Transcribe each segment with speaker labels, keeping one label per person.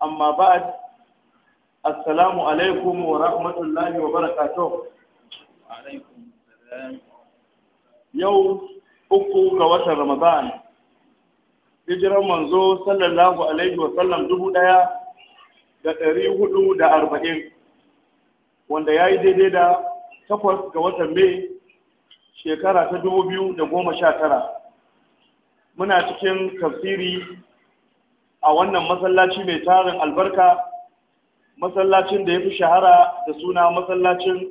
Speaker 1: amma ba'ad assalamu alaikum wa rahmatullahi wa barakatuh yau uku ga watan ramadan hijiran manzo sallallahu alaihi wa sallam dubu daya da ɗari hudu da arba'in wanda ya yi daidai da takwas ga watan mai shekara ta dubu biyu da goma sha tara muna cikin tafsiri a wannan masallaci mai tarin albarka masallacin da ya fi shahara da suna masallacin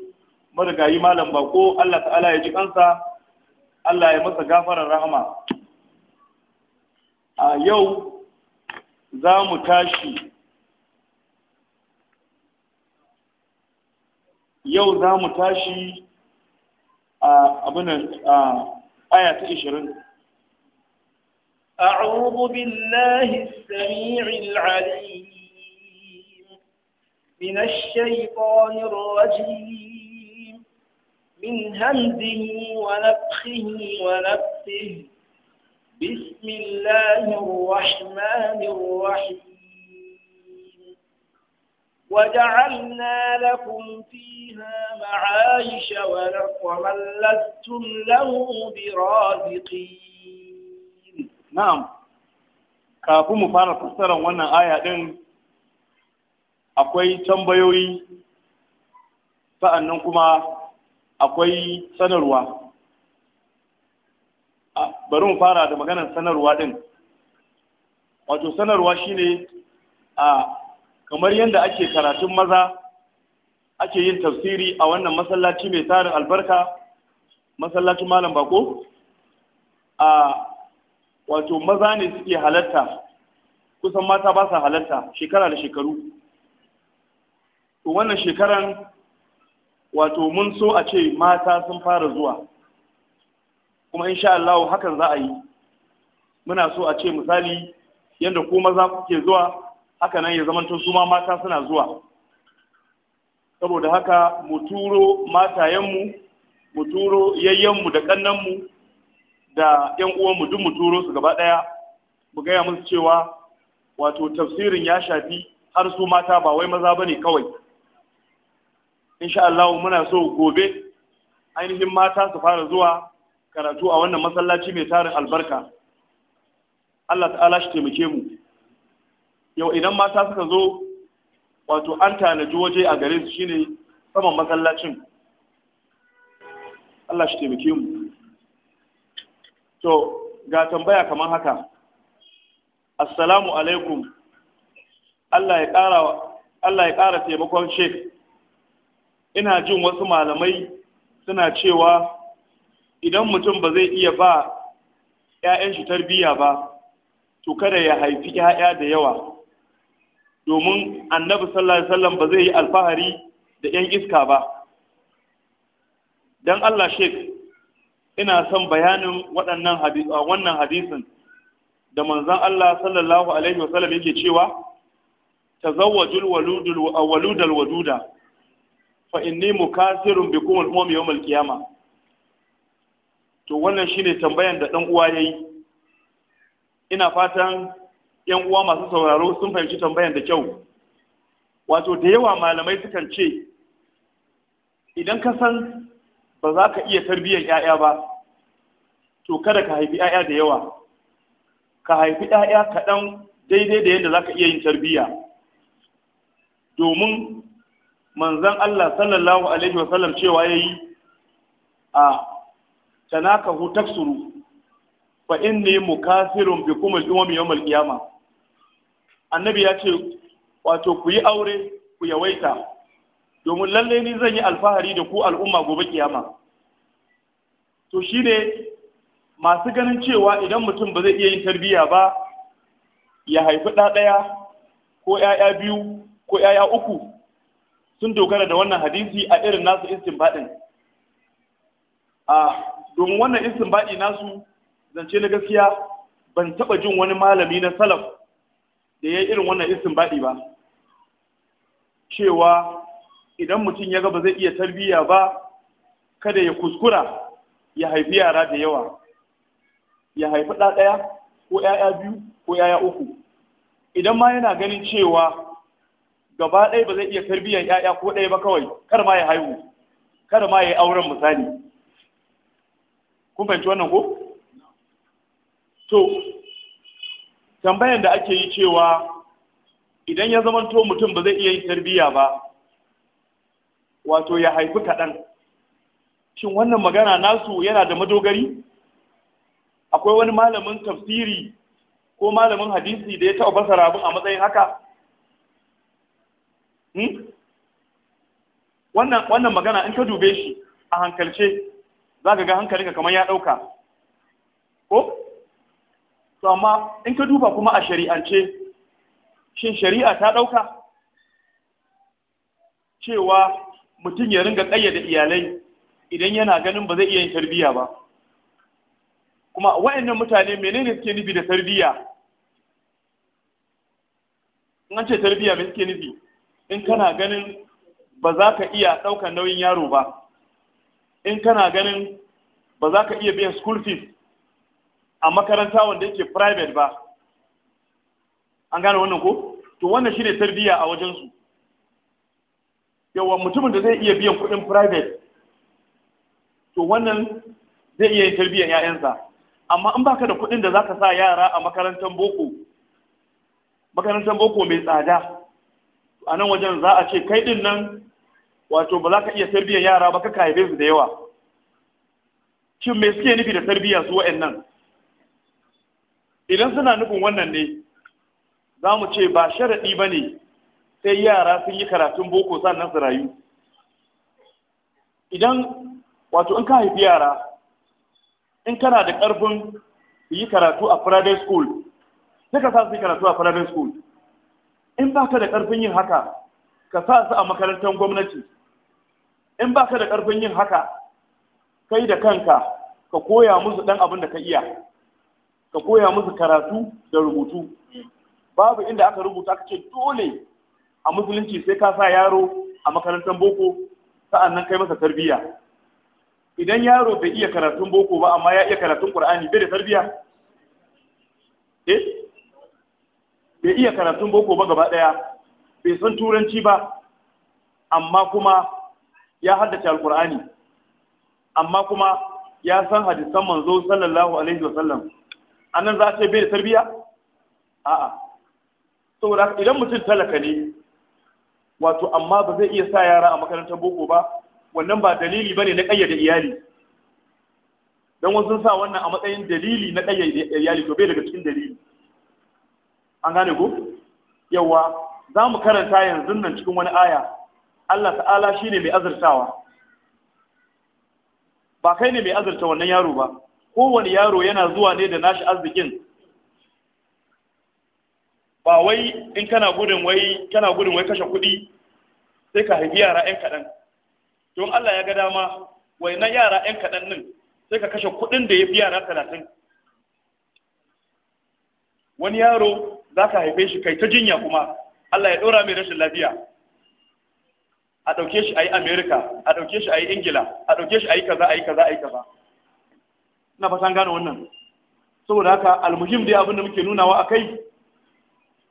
Speaker 1: marigayi malam bako Allah ta'ala ya ji kansa Allah ya masa gafarar rahama a yau za mu tashi yau za mu tashi a abinan aya ta 20
Speaker 2: أعوذ بالله السميع العليم من الشيطان الرجيم من همزه ونفخه ونفسه بسم الله الرحمن الرحيم وجعلنا لكم فيها معايش ولكم لستم له برازقين
Speaker 1: na'am kafin mu fara fassarar wannan aya ɗin, akwai tambayoyi sa'annan kuma akwai sanarwa bari mu fara da maganar sanarwa ɗin, wato sanarwa shine a kamar yadda ake karatun maza ake yin tafsiri a wannan masallaci mai tarin albarka masallacin malam bako a wato maza ne suke halatta kusan mata ba sa halatta shekara da shekaru to wannan shekaran wato mun so a ce mata sun fara zuwa kuma insha Allah hakan za a yi muna so a ce misali yadda ko maza kuke zuwa haka nan ya zamanto su ma mata suna zuwa saboda haka mu turo matayenmu mu turo yayyenmu da mu da yan uwanmu duk mu turo su gaba ɗaya mu gaya musu cewa wato tafsirin ya shafi har su mata ba wai maza ba ne kawai insha Allah muna so gobe ainihin mata su fara zuwa karatu a wannan masallaci mai tarin albarka Allah ta'ala shi taimake mu yau idan mata suka zo wato an tanaji waje a gare su shine saman masallacin Allah shi taimake mu to ga tambaya kamar haka assalamu alaikum Allah ya ƙara taimakon sheik ina jin wasu malamai suna cewa idan mutum ba zai iya ba 'ya'yan shi tarbiyya ba to kada ya haifi 'ya'ya da yawa domin annabi sallallahu alaihi wasallam ba zai yi alfahari da 'yan iska ba don Allah sheik ina son bayanin waɗannan wannan hadisin da manzon Allah sallallahu alaihi wasallam yake cewa tazawwajul waludul waludal waduda fa inni mukasirun bikum al-umam yawm al to wannan shine tambayan da dan uwa yayi ina fatan yan uwa masu sauraro sun fahimci tambayan da kyau wato da yawa malamai sukan ce idan ka san ba za ka iya tarbiyyar 'ya'ya ba to kada ka haifi 'ya'ya da yawa ka haifi 'ya'ya kaɗan daidai da yadda za ka iya yin tarbiyya domin manzan Allah sallallahu alaihi wasallam cewa ya yi a tanaka taksuru fa inni mukasirun bi kuma al'ummi yawon qiyama annabi ya ce wato ku yi aure ku yawaita domin lalle ni zan yi alfahari da ku al'umma gobe kiyama to shine masu ganin cewa idan mutum ba zai iya yin tarbiyya ba ya haifi ɗa ɗaya ko ‘ya'ya biyu ko ‘ya'ya uku sun dogara da wannan hadisi a irin nasu istinbadin a domin wannan istinbadi nasu zance na gaskiya ban taba jin wani malami na salaf da ya irin wannan istinbadi ba cewa idan mutum ya ga ba zai iya tarbiyya ba kada ya kuskura ya haifi yara da yawa ya haifi ɗa ɗaya ko ‘ya'ya biyu ko ‘ya'ya uku idan ma yana ganin cewa gaba ɗaya ba zai iya tarbiyyar ‘ya'ya ko ɗaya ba kawai kar ma ya haihu kar ma ya yi auren misali kun fahimci wannan ko to tambayan da ake yi cewa idan ya zamanto mutum ba zai iya yin tarbiyya ba wato ya haifi kaɗan shin wannan magana nasu yana da madogari akwai wani malamin tafsiri ko malamin hadisi da ya taɓa basa abin a matsayin haka hmm? wannan magana in ka dube shi a hankalce za ka ga hankalinka kamar ya ɗauka ko? to amma in ka duba kuma a shari'ance shin shari'a ta ɗauka cewa mutum ya ringa ƙayyade iyalai idan yana ganin ba zai iya yin tarbiyya ba kuma wa'annan mutane menene suke nufi da tarbiyya in an ce tarbiyya me suke nufi in kana ganin ba za ka iya ɗaukar nauyin yaro ba in kana ganin ba za ka iya biyan school fees a makaranta wanda yake private ba an gane wannan ko to wannan shi ne tarbiyya a wajensu yawa mutumin da zai iya biyan kuɗin private to wannan zai iya yin tarbiyyar 'ya'yansa amma in baka da kuɗin da zaka sa yara a makarantar boko makarantar boko mai tsada a nan wajen za a ce kai din nan wato ba za ka iya tarbiyyar yara ba ka kayabe su da yawa shin me suke nufi da tarbiyya su wa'annan idan suna nufin wannan ne za mu ce ba sharaɗi ba ne sai yara sun yi karatun boko sannan su rayu idan wato in ka haifi yara in kana da ƙarfin su yi karatu a private school sai ka sa su yi karatu a private school in ba ka da ƙarfin yin haka ka sa su a makarantar gwamnati in ba ka da ƙarfin yin haka kai da kanka ka koya musu ɗan abin da ka iya ka koya musu karatu da rubutu babu inda aka rubuta aka ce dole a musulunci sai ka sa yaro a makarantar boko sa'annan kai masa tarbiyya idan yaro bai iya karatun boko ba amma ya iya karatun qur'ani bai da tarbiyya eh bai iya karatun boko ba gaba daya bai san turanci ba amma kuma ya haddace alqur'ani amma kuma ya san hadisan manzo sallallahu alaihi wasallam anan za a ce bai da tarbiyya a'a saboda idan mutum talaka ne wato amma ba zai iya sa yara a makarantar boko ba wannan ba dalili bane na kayyade iyali dan wasu sa wannan a matsayin dalili na kayyade iyali to bai daga cikin dalili an gane ko yawa za mu karanta yanzu nan cikin wani aya Allah ta'ala shine mai azurtawa ba kai ne mai azurta wannan yaro ba kowane yaro yana zuwa ne da nashi arzikin ba wai in kana gudun wai kana gudun wai kashe kuɗi sai ka haifi yara ƴan kaɗan don Allah ya ga dama wai na yara ƴan kaɗan nan sai ka kashe kuɗin da ya fi yara talatin wani yaro za ka haife shi kai ta jinya kuma Allah ya ɗora mai rashin lafiya a ɗauke shi a yi amerika a ɗauke shi a yi ingila a ɗauke shi a yi kaza a yi kaza a yi kaza ina fatan gane wannan saboda haka almuhim dai abin da muke nunawa a kai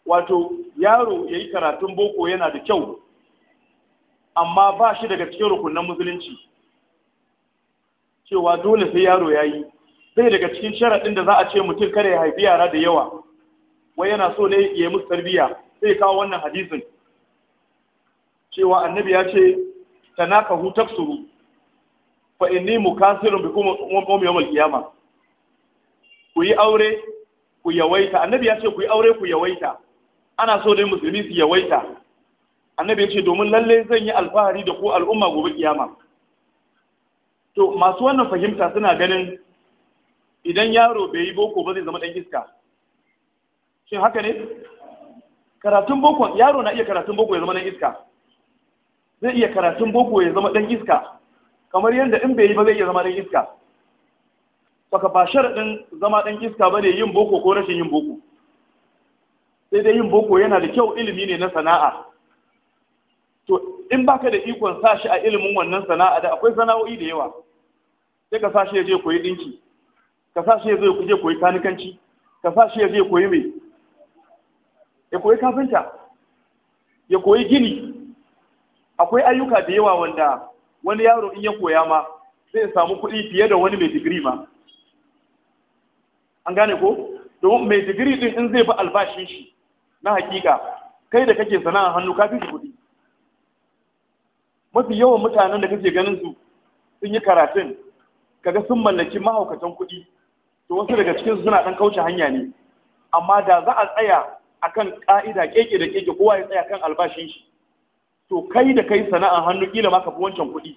Speaker 1: wato yaro ya yi karatun boko yana da kyau amma ba shi daga cikin rukunan musulunci cewa dole sai yaro ya yi sai daga cikin sharaɗin da za a ce mutum kada ya haifi yara da yawa wai yana so ne ya yi musu tarbiyya sai kawo wannan hadisin cewa annabi ya ce tanaka hu taksuru fa inni mukasirun bikum ummi yawmal qiyamah ku yi aure ku yawaita annabi ya ce ku yi aure ku yawaita ana so dai musulmi su yawaita annabi ya ce domin lalle zan yi alfahari da ku al'umma gobe kiyama to masu wannan fahimta suna ganin idan yaro bai yi boko ba zai zama dan iska shin haka ne karatun boko yaro na iya karatun boko ya zama dan iska zai iya karatun boko ya zama dan iska kamar yadda in bai yi ba zai iya zama dan iska saka ba sharadin zama dan iska bane yin boko ko rashin yin boko sai dai yin boko yana da kyau ilimi ne na sana'a to in baka da ikon sa shi a ilimin wannan sana'a da akwai sana'o'i da yawa sai ka sa shi ya je koyi dinki ka sa shi ya je koyi kanikanci ka sa shi ya je koyi mai ya koyi kafinta ya koyi gini akwai ayyuka da yawa wanda wani yaro in ya koya ma zai samu kuɗi fiye da wani mai digiri ma an gane ko domin mai digiri din in zai bi albashin shi na hakika kai da kake sana'ar hannu ka fi shi kuɗi mafi yawan mutanen da kake ganin su sun yi karatun kaga sun mallaki mahaukatan kuɗi to wasu daga cikin su suna ɗan kauce hanya ne amma da za a tsaya akan ƙa'ida keke da keke kowa ya tsaya kan albashin shi to kai da kai sana'ar hannu kila ma ka fi wancan kuɗi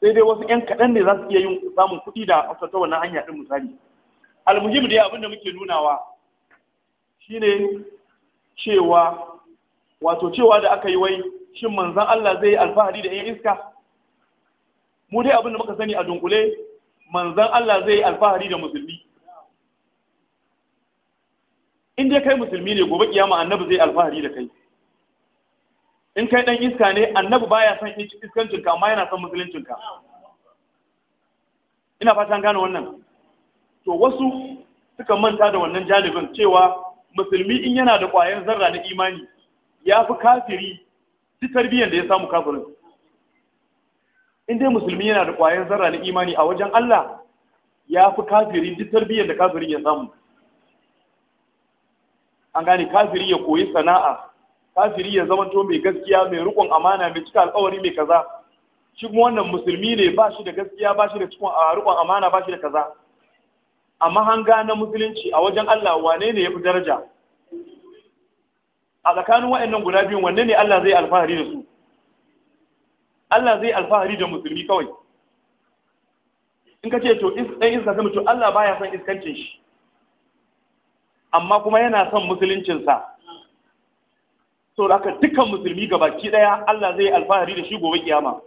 Speaker 1: sai dai wasu ƴan kaɗan ne za su iya yin samun kuɗi da ta wannan hanya ɗin misali almuhim dai abin da muke nunawa shine cewa wato cewa da aka yi wai shin manzan Allah zai yi alfahari da 'yan iska mu dai abin da muka sani a dunkule manzan Allah zai alfahari da musulmi in dai kai musulmi ne gobe kiyama annabi zai alfahari da kai in kai dan iska ne annabi baya son iskancinka amma yana son musuluncinka ina fatan gane wannan to wasu suka manta da wannan janibin cewa musulmi in yana da ƙwayan zarra na imani ya fi kafiri duk tarbiyyar da ya samu kafirin in dai musulmi yana da ƙwayan zarra na imani a wajen Allah ya fi kafiri duk tarbiyyar da kafirin ya samu an gane kafiri ya koyi sana'a kafiri ya zama to mai gaskiya mai rukun amana mai cika alkawari mai kaza shi kuma wannan musulmi ne ba shi da gaskiya ba shi da cikon rukun amana ba shi da kaza a mahanga na musulunci a wajen Allah wane ne ya fi daraja a tsakanin waɗannan guda biyun wanne ne Allah zai alfahari da su Allah zai alfahari da musulmi kawai in ka ce to ɗan iska sai mutum Allah baya son iskancin shi amma kuma yana son musuluncinsa so da haka dukkan musulmi baki ɗaya Allah zai alfahari da shi gobe kiyama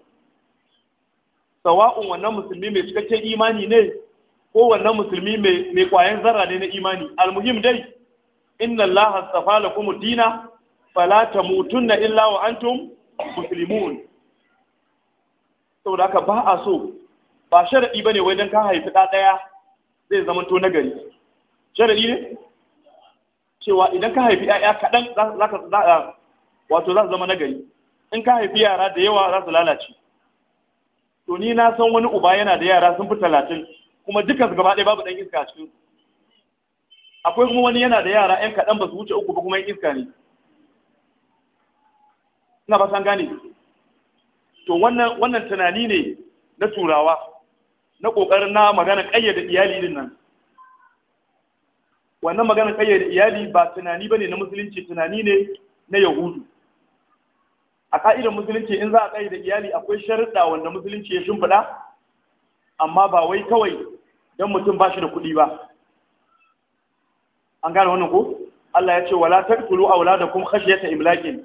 Speaker 1: sawa'un wannan musulmi mai cikakken imani ne wannan musulmi mai kwayan zarra ne na imani almuhim dai inna allaha astafa lakum dina fala tamutunna illa wa antum muslimun saboda ka ba a so ba sharadi bane wai dan ka haifi da daya zai zama to nagari sharadi ne cewa idan ka haifi yaya kadan za wato za su zama nagari in ka haifi yara da yawa za su lalace to ni na san wani uba yana da yara sun fi talatin kuma dukkan su gaba ɗaya babu ɗan iska a cikin su akwai kuma wani yana da yara ɗan kaɗan ba su wuce uku ba kuma yin iska ne ina ba san gane to wannan wannan tunani ne na turawa na ƙoƙarin na magana ƙayyade iyali din nan wannan magana ƙayyade iyali ba tunani ba ne na musulunci tunani ne na yahudu a ka'idar musulunci in za a ƙayyade iyali akwai sharuɗa wanda musulunci ya shimfiɗa amma ba wai kawai don mutum ba shi da kuɗi ba an gane wannan ku? Allah ya ce wala kuma auladakum khashyata imlakin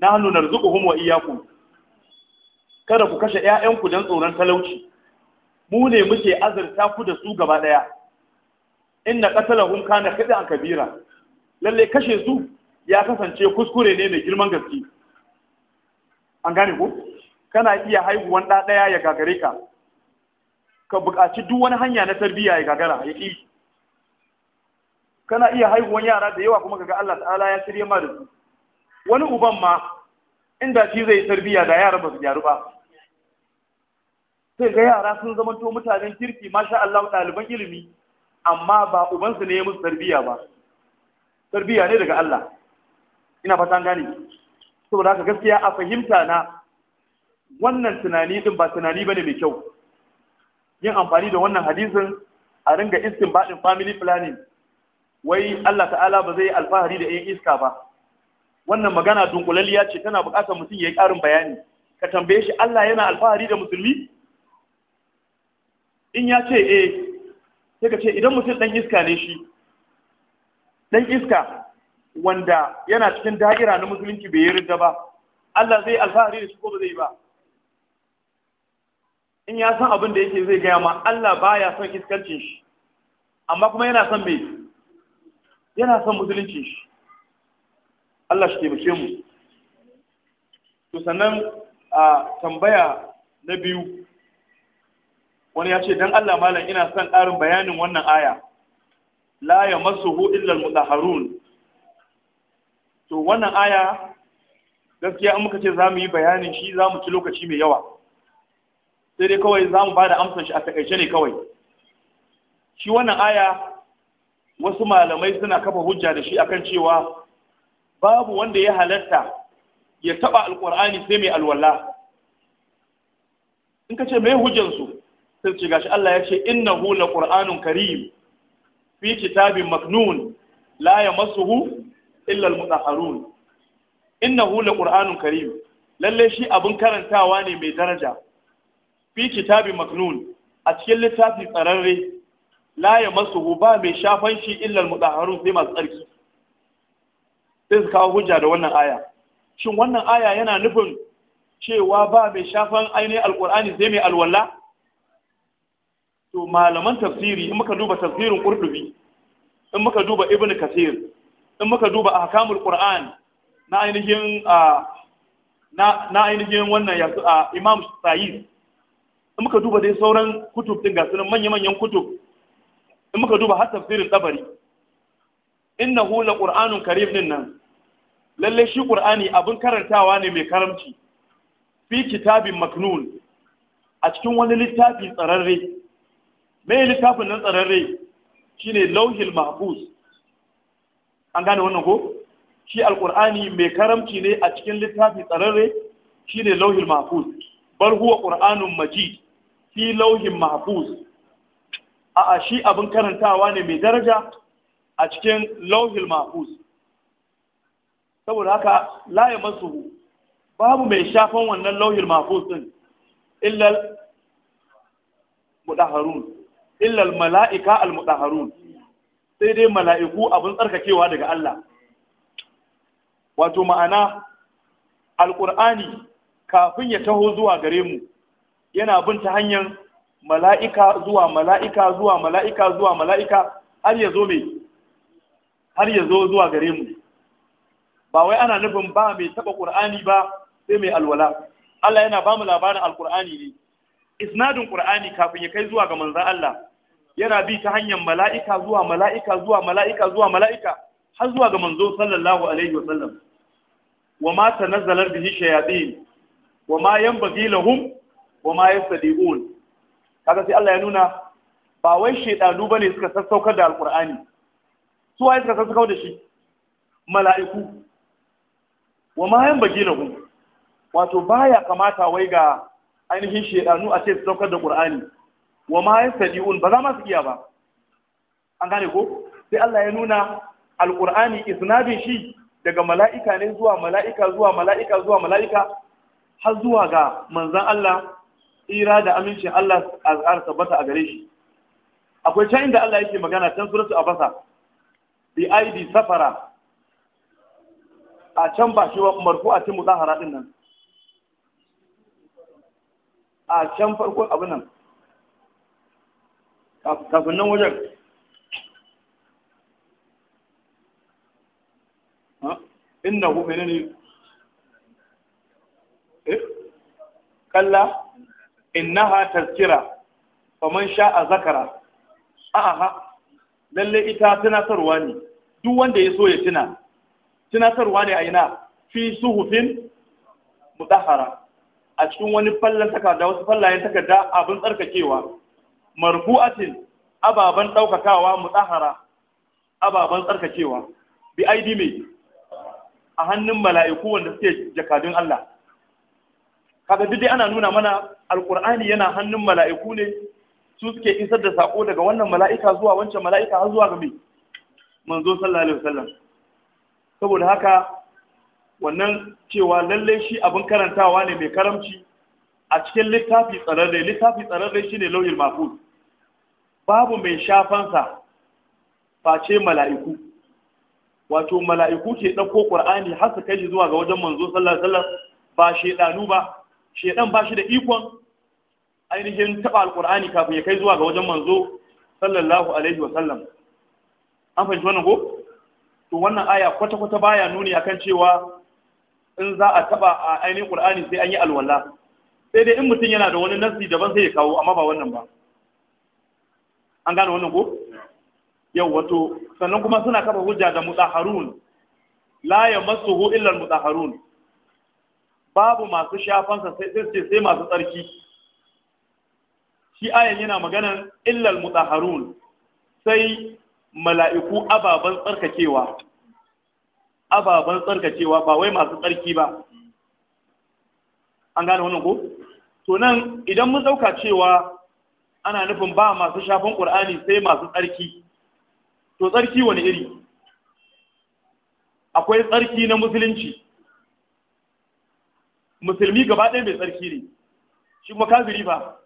Speaker 1: nahnu narzuquhum wa iyyakum kada ku kashe 'ya'yanku don tsoron talauci mu ne muke azurta ku da su gaba ɗaya inna qatalahum kana a kabira lalle kashe su ya kasance kuskure ne mai girman gaske an gane ku kana iya haihuwan ɗa ɗaya ya gagare ka ka buƙaci duk wani hanya na tarbiyya ya gagara ya ƙi kana iya haihuwan yara da yawa kuma kaga Allah ta'ala ya shirye ma da su wani uban ma inda shi zai tarbiyya da yara ba su gyaru ba sai ga yara sun zamanto mutanen kirki masha Allah ɗaliban ilimi amma ba ubansu ne ya musu tarbiyya ba tarbiyya ne daga Allah ina fatan gane saboda haka gaskiya a fahimta na wannan tunani din ba tunani bane mai kyau yin amfani da wannan hadisin a ringa iskin baɗin family planning wai Allah ta'ala ba zai yi alfahari da yin iska ba wannan magana dunkulaliya ce tana buƙatar mutum ya yi ƙarin bayani ka tambaye shi Allah yana alfahari da musulmi in ya ce eh sai ka ce idan mutum ɗan iska ne shi ɗan iska wanda yana cikin da'ira na musulunci bai yi ridda ba Allah zai alfahari da shi ko ba zai ba in ya san abin da yake zai gaya ma Allah baya son iskancin shi amma kuma yana son mai yana son musuluncin shi Allah shi taimake mu to sannan a tambaya na biyu wani ya ce dan Allah malam ina son ƙarin bayanin wannan aya la masuhu illa almutahharun to wannan aya gaskiya an muka ce za mu yi bayanin shi za mu ci lokaci mai yawa sai dai kawai za mu ba da amsar shi a takaice ne kawai shi wannan aya wasu malamai suna kafa hujja da shi akan cewa babu wanda ya halatta ya taba alkur'ani sai mai alwala in ka ce mai hujjansu sai ce gashi Allah ya ce innahu laqur'anun karim fi kitabin maknun la yamassuhu illa almutahharun innahu laqur'anun karim lalle shi abun karantawa ne mai daraja fi kitabin maknun a cikin littafi tsararre la ya masu ba mai shafan shi illar mutaharu sai masu tsarki sai su kawo hujja da wannan aya shin wannan aya yana nufin cewa ba mai shafan ainihin alkur'ani sai mai alwala to malaman tafsiri in muka duba tafsirin kurdubi in muka duba Ibn kasir in muka duba ahkamul qur'an na ainihin ah, na ainihin wannan ah, imam sa'id in muka duba dai sauran kutub din gasu nan manya-manyan kutub in muka duba har tafsirin tabari innahu la qur'anun karim din nan lalle shi qur'ani abin karantawa ne mai karamci fi kitabin maknun a cikin wani littafi tsararre mai littafin nan tsararre shine lauhil mahfuz an gane wannan ko shi alqur'ani mai karamci ne a cikin littafi tsararre shine lauhil mahfuz bal huwa qur'anun majid fi lauhin mahfuz a shi abin karantawa ne mai daraja a cikin lauhin mahfuz saboda haka la ya masu babu mai shafan wannan lauhin mahfuz din illal mudaharun illal mala'ika al mudaharun sai dai mala'iku abin tsarkakewa daga Allah wato ma'ana Alƙur'ani kafin ya taho zuwa gare mu yana bin ta hanyar mala'ika zuwa mala'ika zuwa mala'ika zuwa mala'ika har ya zo mai har ya zo zuwa gare mu ba wai ana nufin ba mai taba ƙur'ani ba sai mai alwala Allah yana ba mu labarin Alƙur'ani ne isnadin ƙur'ani kafin ya kai zuwa ga manzan Allah yana bi ta hanyar mala'ika zuwa mala'ika zuwa mala'ika zuwa mala'ika har zuwa ga manzo sallallahu alaihi wa sallam wa ma tanazzalar bihi shayatin wa ma yanbaghi lahum wa ma yastadiun kaga sai Allah ya nuna ba wai shedanu bane suka sassaukar da alqur'ani su waye suka sassaukar da shi mala'iku wa ma yanbaghi lahu wato baya kamata wai ga ainihin shedanu a ce su saukar da qur'ani wa ma yastadiun ba za ma su iya ba an gane ko sai Allah ya nuna alqur'ani isnadin shi daga mala'ika ne zuwa mala'ika zuwa mala'ika zuwa mala'ika har zuwa ga manzan Allah tsira da amincin Allah a tsara tabbata a gare shi akwai can inda Allah yake magana can suratu fasa? bi aidi safara a can ba shi wa marfu'atin mudahara din nan a can farko abin nan kafin nan wajen inna hu menene eh kalla innaha tazkira faman a zakara a'a lalle ita tunatarwa ne duk wanda ya so ya tuna tunatarwa ne a ina fi suhufin mudahara a cikin wani fallan takarda wasu fallayen takarda abin tsarkakewa marfu'atin ababan daukakawa mudahara ababen tsarkakewa bi aidi mai a hannun mala'iku wanda suke jakadun Allah kaga duk dai ana nuna mana alqur'ani yana hannun mala'iku ne su suke isar da sako daga wannan mala'ika zuwa wancan mala'ika har zuwa ga mai manzo sallallahu alaihi wasallam saboda haka wannan cewa lalle shi abin karantawa ne mai karamci a cikin littafi tsararre littafi tsararre shine lauyin mahfuz babu mai shafansa face mala'iku wato mala'iku ke ɗauko ƙur'ani har su kai shi zuwa ga wajen manzo sallallahu alaihi wasallam ba shaidanu ba shedan ba shi da ikon ainihin taba alqur'ani kafin ya kai zuwa ga wajen manzo sallallahu alaihi wa sallam an fahimci wannan ko to wannan aya kwata kwata baya nuni akan cewa in za a taba a ainihin qur'ani sai an yi alwala sai dai in mutum yana da wani nasi daban sai ya kawo amma ba wannan ba an gane wannan ko yau wato sannan kuma suna kafa hujja da mutaharun la yamassuhu illa almutaharun babu masu shafansa sai ce sai masu tsarki shi ayan yana maganan illal mutaharun sai mala'iku ababen tsarkakewa ababen tsarkakewa ba wai masu tsarki ba an gane wannan ko to nan idan mun dauka cewa ana nufin ba masu shafan qur'ani sai masu tsarki to tsarki wani iri akwai tsarki na musulunci musulmi gaba ɗaya mai tsarki ne shi kuma kafiri ba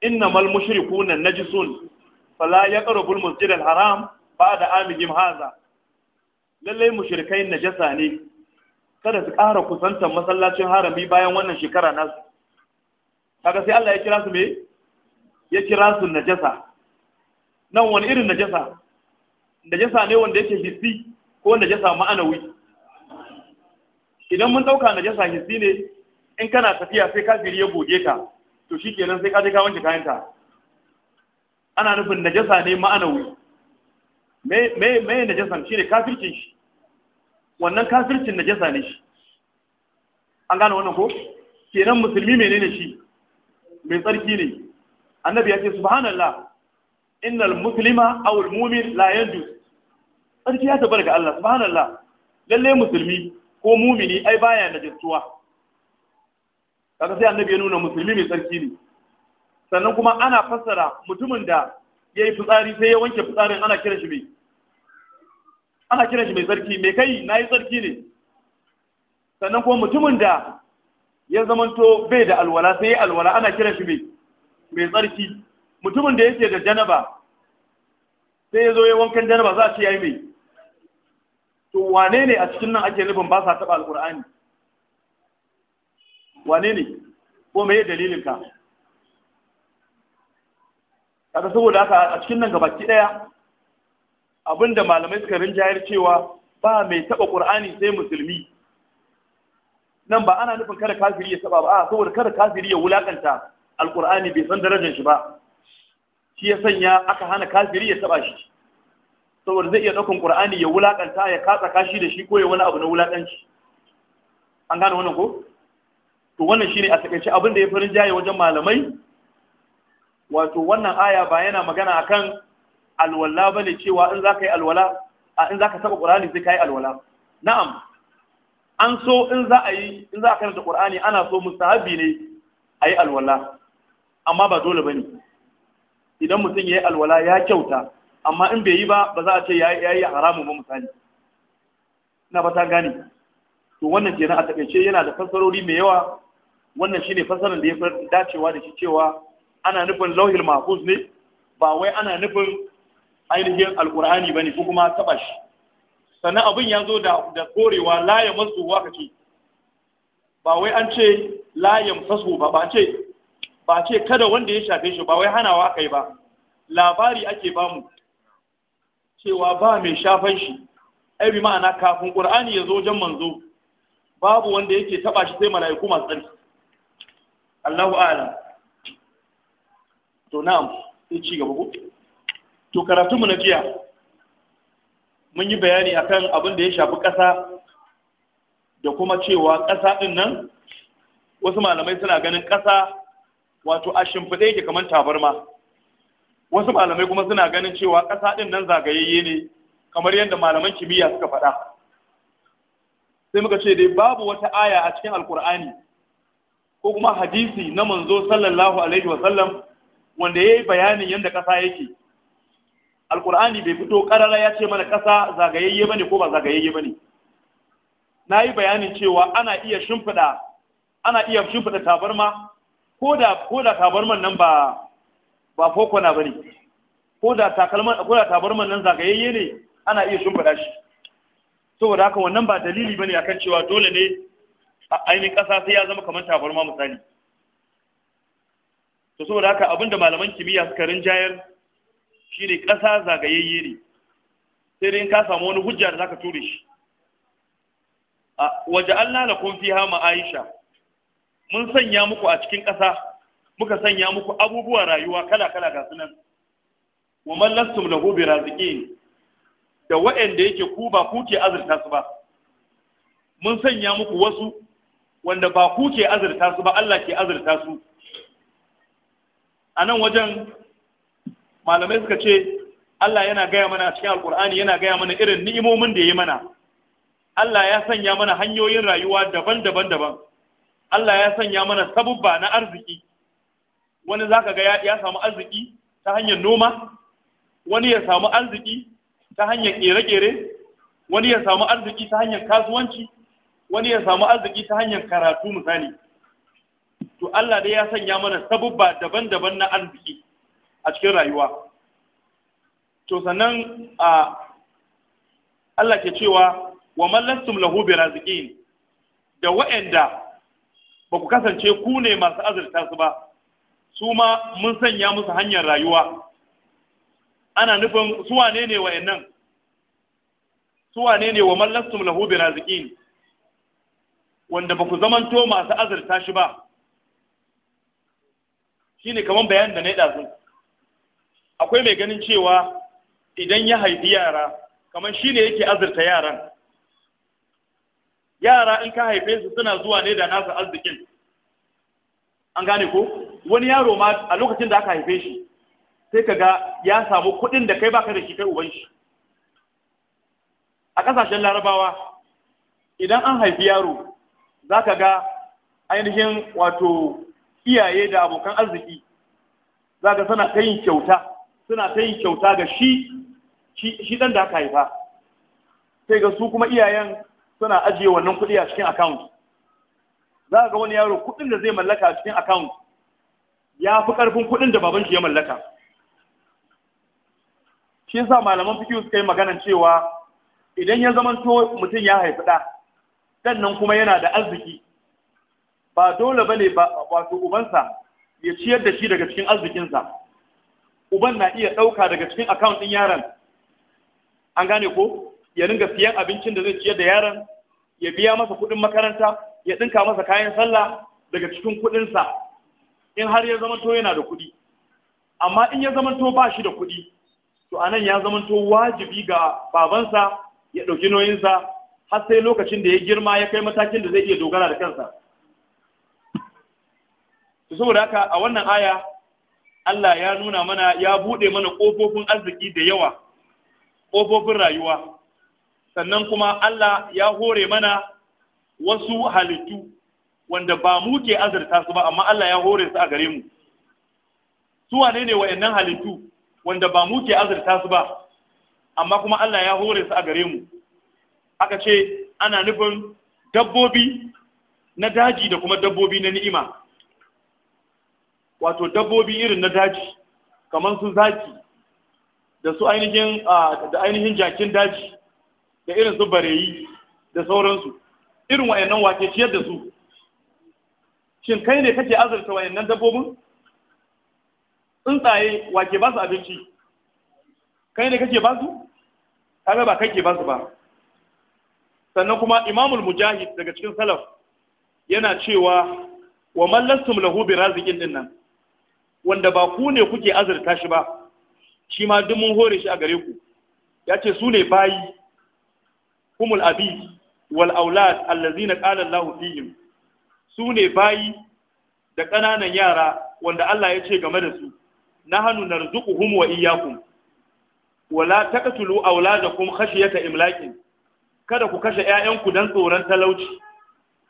Speaker 1: inna mal mushrikuna najisun fala yaqrabu al masjid al haram ba'da amihim haza lallai mushrikai najasa ne kada su ƙara kusantar masallacin harami bayan wannan shekara nasu kaga sai Allah ya kira su me ya kira su najasa nan wani irin najasa najasa ne wanda yake hissi ko najasa ma'anawi idan mun ɗauka na jasa hissi ne in kana tafiya sai kafiri ya goge ka to shi kenan sai ka je ka wanke kayanka ana nufin najasa ne ma'anawi me me me jasa shi ne kafircin shi wannan kafircin najasa ne shi an gane wannan ko kenan musulmi menene shi mai tsarki ne annabi ya ce subhanallah innal muslima aw al mu'min la yanjus tsarki ya tabbata ga Allah subhanallah lalle musulmi ko mumini ai baya najasuwa kaga sai annabi ya nuna musulmi mai tsarki ne sannan kuma ana fassara mutumin da ya yi fitsari sai ya wanke fitsarin ana kiran shi mai ana kiran shi mai tsarki mai kai nayi sarki tsarki ne sannan kuma mutumin da ya zamanto bai da alwala sai ya alwala ana kiran shi mai mai tsarki mutumin da yake da janaba sai ya zo ya wankan janaba za a ce yayi yi mai to wane ne a cikin nan ake nufin ba sa taɓa alƙur'ani wane ne ko me dalilin ka kaga saboda haka a cikin nan gabaki ɗaya abinda malamai suka rinjayar cewa ba mai taɓa ƙur'ani sai musulmi nan ba ana nufin kada kafiri ya taɓa ba a saboda kada kafiri ya wulakanta alƙur'ani bai san darajar shi ba shi ya sanya aka hana kafiri ya taɓa shi saboda zai iya ɗaukan ƙur'ani ya wulaƙanta ya katsa kashi da shi ko ya wani abu na wulaƙanci an gane wannan ko to wannan shine a takaice abin da ya farin jaye wajen malamai wato wannan aya ba yana magana akan alwala bane cewa in za ka yi alwala a in za zaka taba qur'ani sai kai alwala na'am an so in za a yi in za a karanta qur'ani ana so mustahabi ne a yi alwala amma ba dole ne. idan mutum ya yi alwala ya kyauta amma in bai yi ba ba za a ce ya yi haramu ba misali na ba ta gane to wannan kenan a takaice yana da fassarori mai yawa wannan shine fassarar da ya fi dacewa da shi cewa ana nufin lauhil mahfuz ne ba wai ana nufin ainihin alqur'ani bane ko kuma tabashi shi sannan abin ya zo da da korewa la ya masu waka ce ba wai an ce la ya masu ba ba ce ba ce kada wanda ya shafe shi ba wai hanawa kai ba labari ake bamu cewa ba mai shafan shi ai bi ma'ana kafin qur'ani ya zo wajen manzo babu wanda yake taba shi sai mala'iku masu tsarki Allahu a'lam to na'am sai ci gaba to karatu mu na jiya mun yi bayani akan abin da ya shafi ƙasa da kuma cewa ƙasa ɗin nan wasu malamai suna ganin ƙasa wato a shimfiɗe yake kamar tabarma wasu malamai kuma suna ganin cewa ƙasa ɗin nan zagayayye ne kamar yadda malaman kimiyya suka faɗa sai muka ce dai babu wata aya a cikin alkur'ani ko kuma hadisi na manzo sallallahu alaihi wa sallam wanda ya yi bayanin yadda ƙasa yake alkur'ani bai fito ƙarara ya ce mana ƙasa zagayayye bane ko ba zagayayye bane na yi bayanin cewa ana iya shimfiɗa ana iya shimfiɗa tabarma ko da ko tabarman nan ba ba fokona ba ne ko da takalman ko da tabarman nan zagayayye ne ana iya shimfiɗa shi saboda haka wannan ba dalili bane akan cewa dole ne a ainihin ƙasa sai ya zama kamar tabarma misali to saboda haka abinda malaman kimiyya suka rinjayar shine ƙasa zagayayye ne sai dai in ka samu wani hujja da zaka ture shi a waje Allah lakum fiha ma'aisha mun sanya muku a cikin ƙasa muka sanya muku abubuwa rayuwa kala kala ga sunan wa man lastum lahu raziqin da wa'anda yake ku ba ku ke azurta su ba mun sanya muku wasu wanda ba ku ke azurta su ba Allah ke azurta su a wajen malamai suka ce Allah yana gaya mana cikin alkur'ani yana gaya mana irin ni'imomin da ya yi mana Allah ya sanya mana hanyoyin rayuwa daban-daban daban Allah ya sanya mana sabubba na arziki wani zaka ga ya samu arziki ta hanyar noma wani ya samu arziki ta hanyar kere-kere wani ya samu arziki ta hanyar kasuwanci wani ya samu arziki ta hanyar karatu misali to Allah dai ya sanya mana sabubba daban-daban na arziki a cikin rayuwa to sannan a Allah ke cewa wa mallastum lahu biraziqin da wa'anda ba ku kasance ku ne masu azurta su ba su ma mun sanya musu hanyar rayuwa ana nufin su wane ne wa'annan su wane ne wa mallastum lahu biraziqin wanda ba ku zamanto masu azurta shi ba shine kaman bayanin da na yi ɗazu akwai mai ganin cewa idan ya haifi yara kaman shine yake azurta yaran yara in ka haife su suna zuwa ne da nasu arzikin an gane ko wani yaro ma a lokacin da aka haife shi sai ka ga ya samu kuɗin da kai baka da shi kai uban shi a ƙasashen larabawa idan an haifi yaro za ka ga ainihin wato iyaye da abokan arziki za ka sana ta yin kyauta suna ta yin kyauta ga shi shi ɗan da aka haifa sai ga su kuma iyayen suna ajiye wannan kuɗi a cikin account za ga wani yaro kuɗin da zai mallaka a cikin account ya fi ƙarfin kuɗin da baban ya mallaka shi sa malaman fikiyu suka yi maganan cewa idan ya to mutum ya haifi ɗa sannan kuma yana da arziki ba dole ba ne ba wato ubansa ya ciyar da shi daga cikin arzikinsa uban na iya ɗauka daga cikin akawun ɗin yaron an gane ko ya ringa siyan abincin da zai ciyar da yaron ya biya masa kuɗin makaranta ya ɗinka masa kayan sallah daga cikin kuɗinsa in har ya zamanto yana da kuɗi amma in ya zamanto ba shi da kuɗi to anan ya zamanto wajibi ga babansa ya ɗauki noyinsa har sai lokacin da ya girma ya kai matakin da zai iya dogara da kansa to saboda haka a wannan aya Allah ya nuna mana ya buɗe mana ƙofofin arziki da yawa ƙofofin rayuwa sannan kuma Allah ya hore mana wasu halittu wanda ba mu ke azurta su ba amma Allah ya hore su a gare mu su wane ne wayannan halittu wanda ba mu ke azurta su ba amma kuma Allah ya hore su a gare mu aka ce ana nufin dabbobi na daji da kuma dabbobi na ni'ima wato dabbobi irin na daji kamar su zaki da su ainihin da ainihin jakin daji da irin su bareyi da sauransu irin wayannan wake ciyar da su shin kai ne kake azurta wayannan dabbobin tsuntsaye wake ba su abinci kai ne kake ba su kaga ba kai ke ba su ba sannan kuma imamul mujahid daga cikin salaf yana cewa wa mallastum lahu bi raziqin dinnan wanda ba ku ne kuke azurta shi ba shi ma duk mun hore shi a gare ku ya ce su ne bayi humul abi wal aulad allazina qala Allahu fihim su ne bayi da ƙananan yara wanda Allah ya ce game da su na na rizuku wa iyakun. wala a wula da taqtulu kashe khashyata imlakin kada ku kashe 'ya'yanku don tsoron talauci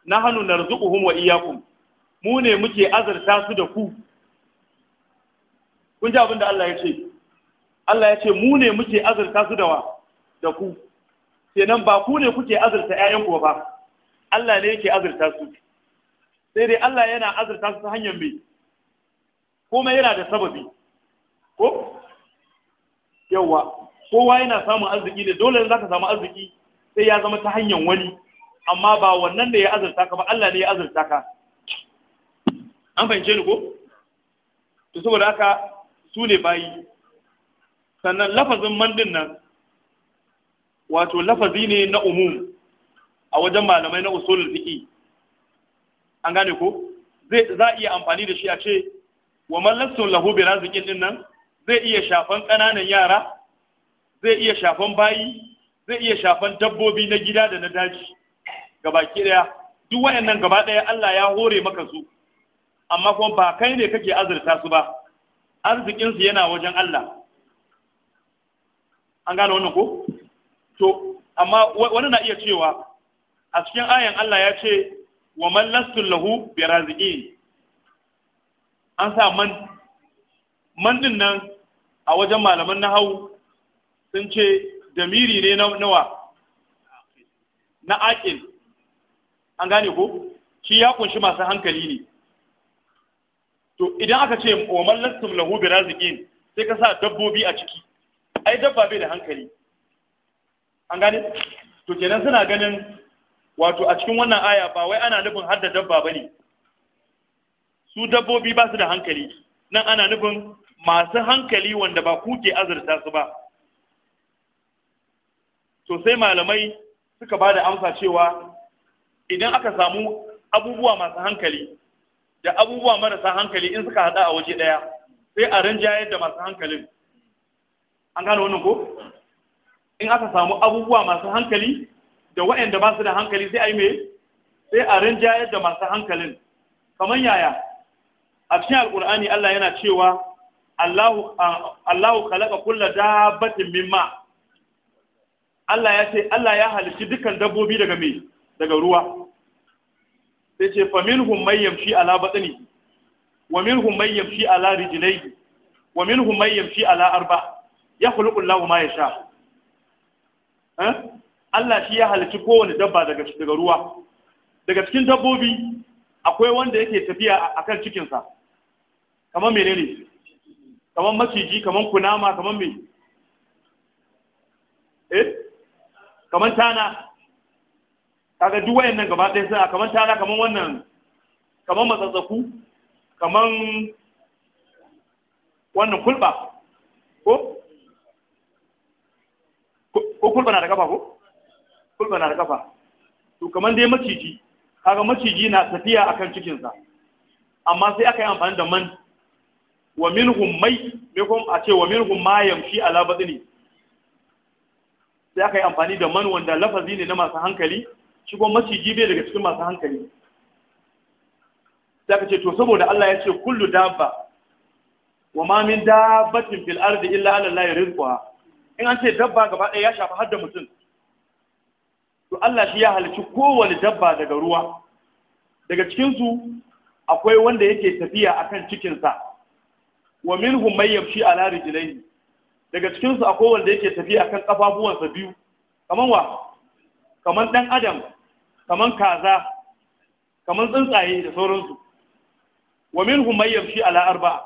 Speaker 1: Na na rizuku wa iyakun, mu ne muke azarta su da ku kun ji abin da Allah ya ce Allah ya ce mu ne muke azarta su da wa da ku kenan ba ku ne kuke azarta 'ya'yanku ba Allah ne yake azarta su sai dai Allah yana azurta su ta hanyar mai kuma yana da sababi ko yawa kowa yana samun arziki da dole ne ka samu arziki sai ya zama ta hanyar wani amma ba wannan da ya azurta ka ba Allah ne ya azurta ka an fahimce ni ko to saboda haka su ne bayi sannan lafazin mandin nan wato lafazi ne na umum a wajen malamai na usulul fiqh an gane ko zai za iya amfani da shi a ce wa mallasun lahu bi razikin din nan zai iya shafan kananan yara zai iya shafan bayi zai iya shafan dabbobi na gida da na daji gabaki daya duk wayannan gaba daya Allah ya hore maka su amma kuma ba kai ne kake azurta su ba arzikin su yana wajen Allah an gane wannan ko to amma wani na iya cewa a cikin ayan Allah ya ce wa man lastu lahu bi an sa man man din nan a wajen malaman nahawu sun ce damiri ne na nawa na aqil an gane ko shi ya kunshi masu hankali ne to idan aka ce wa man lastu lahu bi sai ka sa dabbobi a ciki ai dabba bai da hankali an gane to kenan suna ganin wato a cikin wannan aya ba wai ana nufin hadda dabba bane su dabbobi ba su da hankali nan ana nufin masu hankali wanda ba ku ke azurta su ba to sai malamai suka ba da amsa cewa idan aka samu abubuwa masu hankali da abubuwa marasa hankali in suka hada a waje daya sai a rinjayar da masu hankalin an gano wannan ko in aka samu abubuwa masu hankali da waɗanda ba su da hankali sai a yi mai sai a rinjayar da masu hankalin kamar yaya a cikin Alƙur'ani Allah yana cewa Allahu khalaqa kulla dabbatin mimma Allah ya ce Allah ya halici dukkan dabbobi daga me daga ruwa sai ce fa minhum may yamshi ala batni wa minhum may yamshi ala rijlaihi wa minhum may yamshi ala arba yakhluqu Allahu ma yasha eh Allah shi ya halicci kowane dabba daga daga ruwa daga cikin dabbobi akwai wanda yake tafiya akan cikin sa kamar menene kamar maciji kamar kunama kamar me eh kamar tana kaga duk wayannan gaba ɗaya suna kamar tana kamar wannan kamar matsatsaku kamar wannan kulba ko ko kulba na da kafa ko kulba na da kafa to kamar dai maciji kaga maciji na tafiya akan cikinsa amma sai aka yi amfani da man wa minhum mai me kuma a ce wa minhum ma yamshi ala batni sai aka yi amfani da man wanda lafazi ne na masu hankali shi kuma maciji bai daga cikin masu hankali sai aka ce to saboda Allah ya ce kullu dabba wa ma min dabbatin fil ardi illa ala allahi rizqaha in an ce dabba gaba ɗaya ya shafi har da mutum to Allah shi ya halci kowane dabba daga ruwa daga cikinsu akwai wanda yake tafiya akan cikinsa wa minhum man yamshi ala rijlaihi daga cikinsu akwai wanda yake tafiya akan kafafuwansa biyu kaman wa kaman dan adam kaman kaza kaman tsuntsaye da sauransu wa minhum man yamshi ala arba'a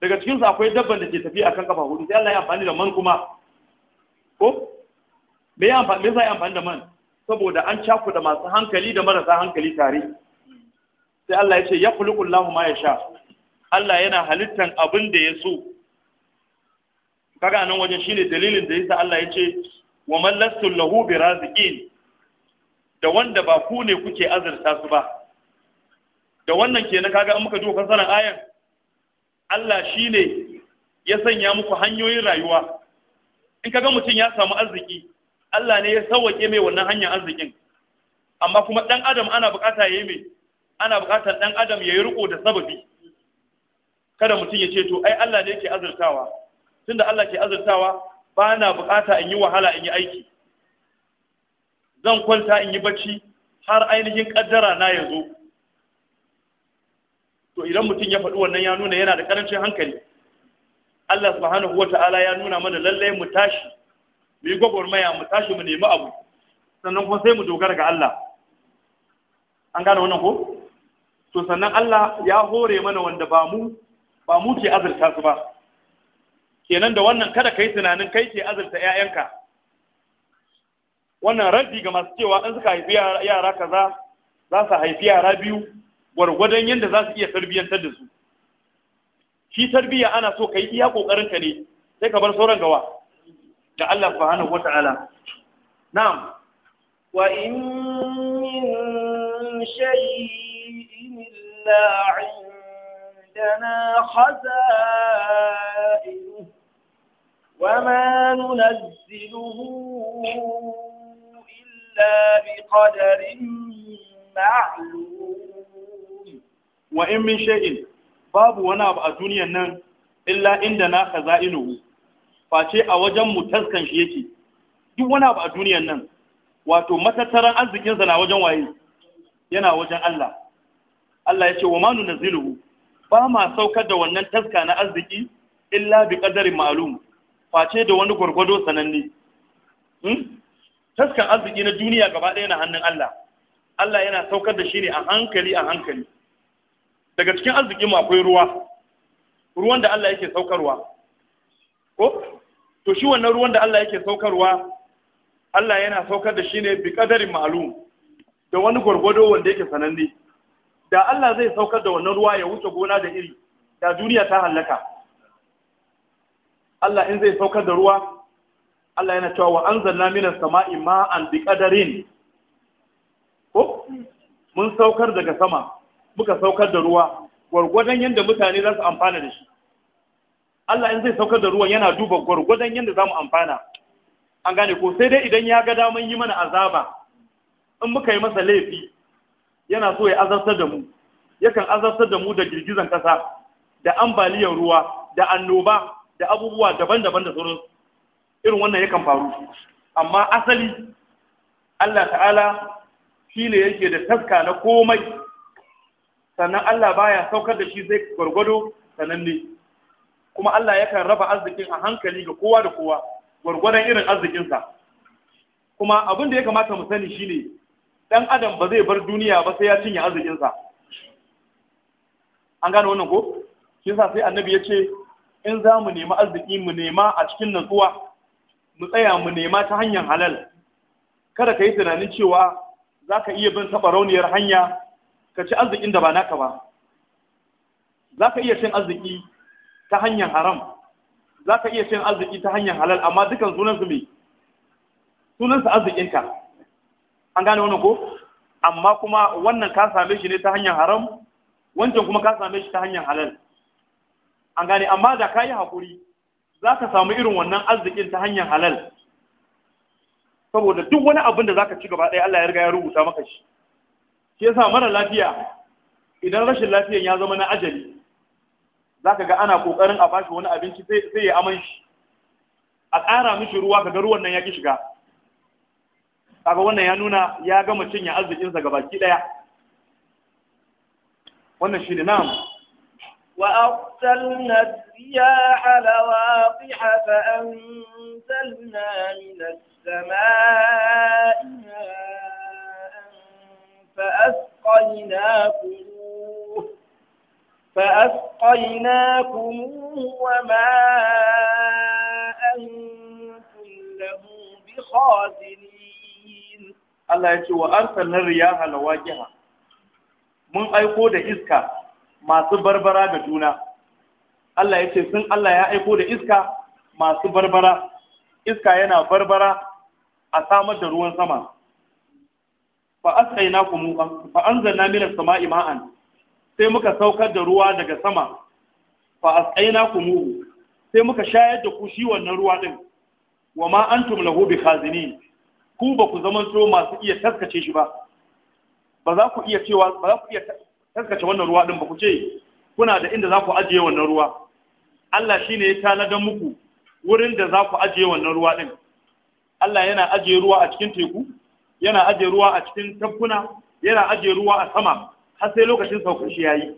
Speaker 1: daga cikinsu akwai dabban da ke tafiya akan kafa hudu sai Allah ya amfani da man kuma ko me ya amfani me amfani da man saboda an chaku da masu hankali da marasa hankali tare sai Allah ya ce ya khuluqu Allahu ma yasha Allah yana halittan abin da ya so kaga nan wajen shine dalilin da yasa Allah ya ce wa man lastu lahu da wanda ba ku ne kuke azurta su ba da wannan kenan kaga an muka duba fasaran ayan Allah shine ya sanya muku hanyoyin rayuwa in kaga mutum ya samu arziki Allah ne ya sauwake mai wannan hanyar arzikin amma kuma dan adam ana bukata yayi mai ana bukatar dan adam yayi riko da sababi kada mutum ya ce to ai Allah ne yake azurtawa tunda Allah ke azurtawa ba na bukata in yi wahala in yi aiki zan kwanta in yi bacci har ainihin kaddara na ya zo to idan mutum ya faɗi wannan ya nuna yana da karancin hankali Allah subhanahu wa ta'ala ya nuna mana lallai mu tashi mu yi gwagwarmaya mu tashi mu nemi abu sannan kuma sai mu dogara ga Allah an gane wannan ko to sannan Allah ya hore mana wanda ba mu ba mu ke azurta su ba kenan da wannan kada kai tunanin kai ke azurta 'ya'yanka wannan raddi ga masu cewa in suka haifi yara kaza za su haifi yara biyu gwargwadon yadda za su iya tarbiyyantar da su shi tarbiyya ana so ka yi iya ƙoƙarinka ne sai ka bar sauran gawa تعلم سبحانه وتعالى
Speaker 2: نعم وإن من شيء إلا عندنا خزائنه وما ننزله إلا بقدر معلوم
Speaker 1: وإن من شيء باب ونا الدنيا إلا عندنا خزائنه face a wajen mu taskan shi yake duk wani abu a duniyan nan wato matattaran arzikinsa na wajen waye yana wajen Allah Allah ya wa manu nazilu ba ma saukar da wannan taska na arziki illa bi qadarin ma'lum face da wani gurgudo sananne hmm? taskan arziki na duniya gaba ɗaya na hannun Allah Allah yana saukar da shi ne a hankali a hankali daga cikin arzikin mu akwai ruwa ruwan da Allah yake saukarwa ko to shi wannan ruwan da Allah yake saukarwa Allah yana saukar da shi ne bi kadarin ma'lum da wani gwargwado wanda yake sananne da Allah zai saukar da wannan ruwa ya wuce gona da iri da duniya ta hallaka Allah in zai saukar da ruwa Allah yana cewa wa anzalna minas sama'i ma'an bi kadarin ko mun saukar daga sama muka saukar da ruwa gwargwadon yanda mutane za su amfana da shi Allah in zai saukar da ruwan yana duba gwargwadon yadda za mu amfana an gane ko sai dai idan ya ga daman yi mana azaba in muka yi masa laifi yana so ya azartar da mu yakan azartar da mu da girgizan kasa da ambaliyar ruwa da annoba da abubuwa daban-daban da sauran irin wannan yakan faru amma asali Allah ta'ala shi ne yake da taska na komai sannan Allah baya saukar da shi zai gwargwado sananne kuma Allah yakan raba arzikin a hankali ga kowa da kowa gwargwadon irin arzikinsa kuma abin da ya kamata mu sani shine dan adam ba zai bar duniya ba sai ya cinye arzikinsa an gano wannan ko shi yasa sai annabi ya ce in za mu nema arziki mu nema a cikin natsuwa mu tsaya mu nema ta hanyar halal kada ka yi tunanin cewa za ka iya bin taɓa rauniyar hanya ka ci arzikin da ba naka ba za ka iya cin arziki ta hanyar haram za ka iya cin arziki ta hanyar halal amma dukan sunansu mai sunansu arzikinka an gane wannan ko amma kuma wannan ka same shi ne ta hanyar haram wancan kuma ka same shi ta hanyar halal an gane amma da ka yi haƙuri za ka samu irin wannan arzikin ta hanyar halal saboda duk wani abin da za ka ci gaba ɗaya Allah ya riga ya rubuta maka shi shi yasa mara lafiya idan rashin lafiyan ya zama na ajali za ka ga ana ƙoƙarin a bashi wani abinci sai ya aman shi a ƙara mishi ruwa ka ga ruwan nan ya ƙi shiga kaga wannan ya nuna ya gama cinye arzikinsa ga baki ɗaya wannan shi ne na'am
Speaker 2: وأرسلنا الرياح لواقح فأنزلنا من السماء fa فأسقيناكم فأسقيناكم وما أنتم له بخازنين
Speaker 1: الله يقول وأرسلنا الرياح لواجهة mun aiko da iska masu barbara da juna Allah ya ce sun Allah ya aiko da iska masu barbara iska yana barbara a samar da ruwan sama fa asqaynakum fa anzalna minas sama'i ma'an sai muka saukar da ruwa daga sama fa asqaina kumuhu sai muka shayar da ku shi wannan ruwa din wa ma antum lahu khazini ku ba ku zaman to masu iya taskace shi ba ba za ku iya cewa ba za ku iya taskace wannan ruwa din ba ku ce kuna da inda za ku ajiye wannan ruwa Allah shine ya tanadar muku wurin da za ku ajiye wannan ruwa din Allah yana ajiye ruwa a cikin teku yana ajiye ruwa a cikin tafkuna yana ajiye ruwa a sama har sai lokacin saukar shi yayi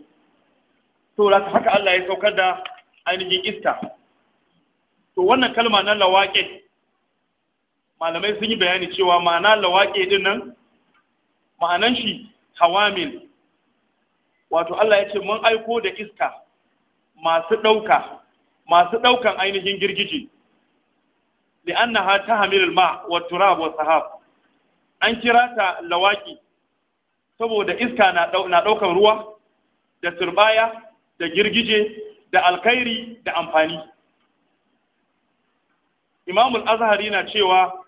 Speaker 1: to la haka Allah ya saukar da ainihin iska to wannan kalma na lawaƙe malamai sun yi bayani cewa ma'ana lawaƙe din nan ma'anan shi hawamil wato Allah ya ce mun aiko da iska masu ɗauka masu ɗaukan ainihin girgije li'annaha tahmilul ma wa turab wa sahab an kira ta lawaki saboda iska na ɗaukar ruwa da turbaya da girgije da alkhairi da amfani imamul azhari na cewa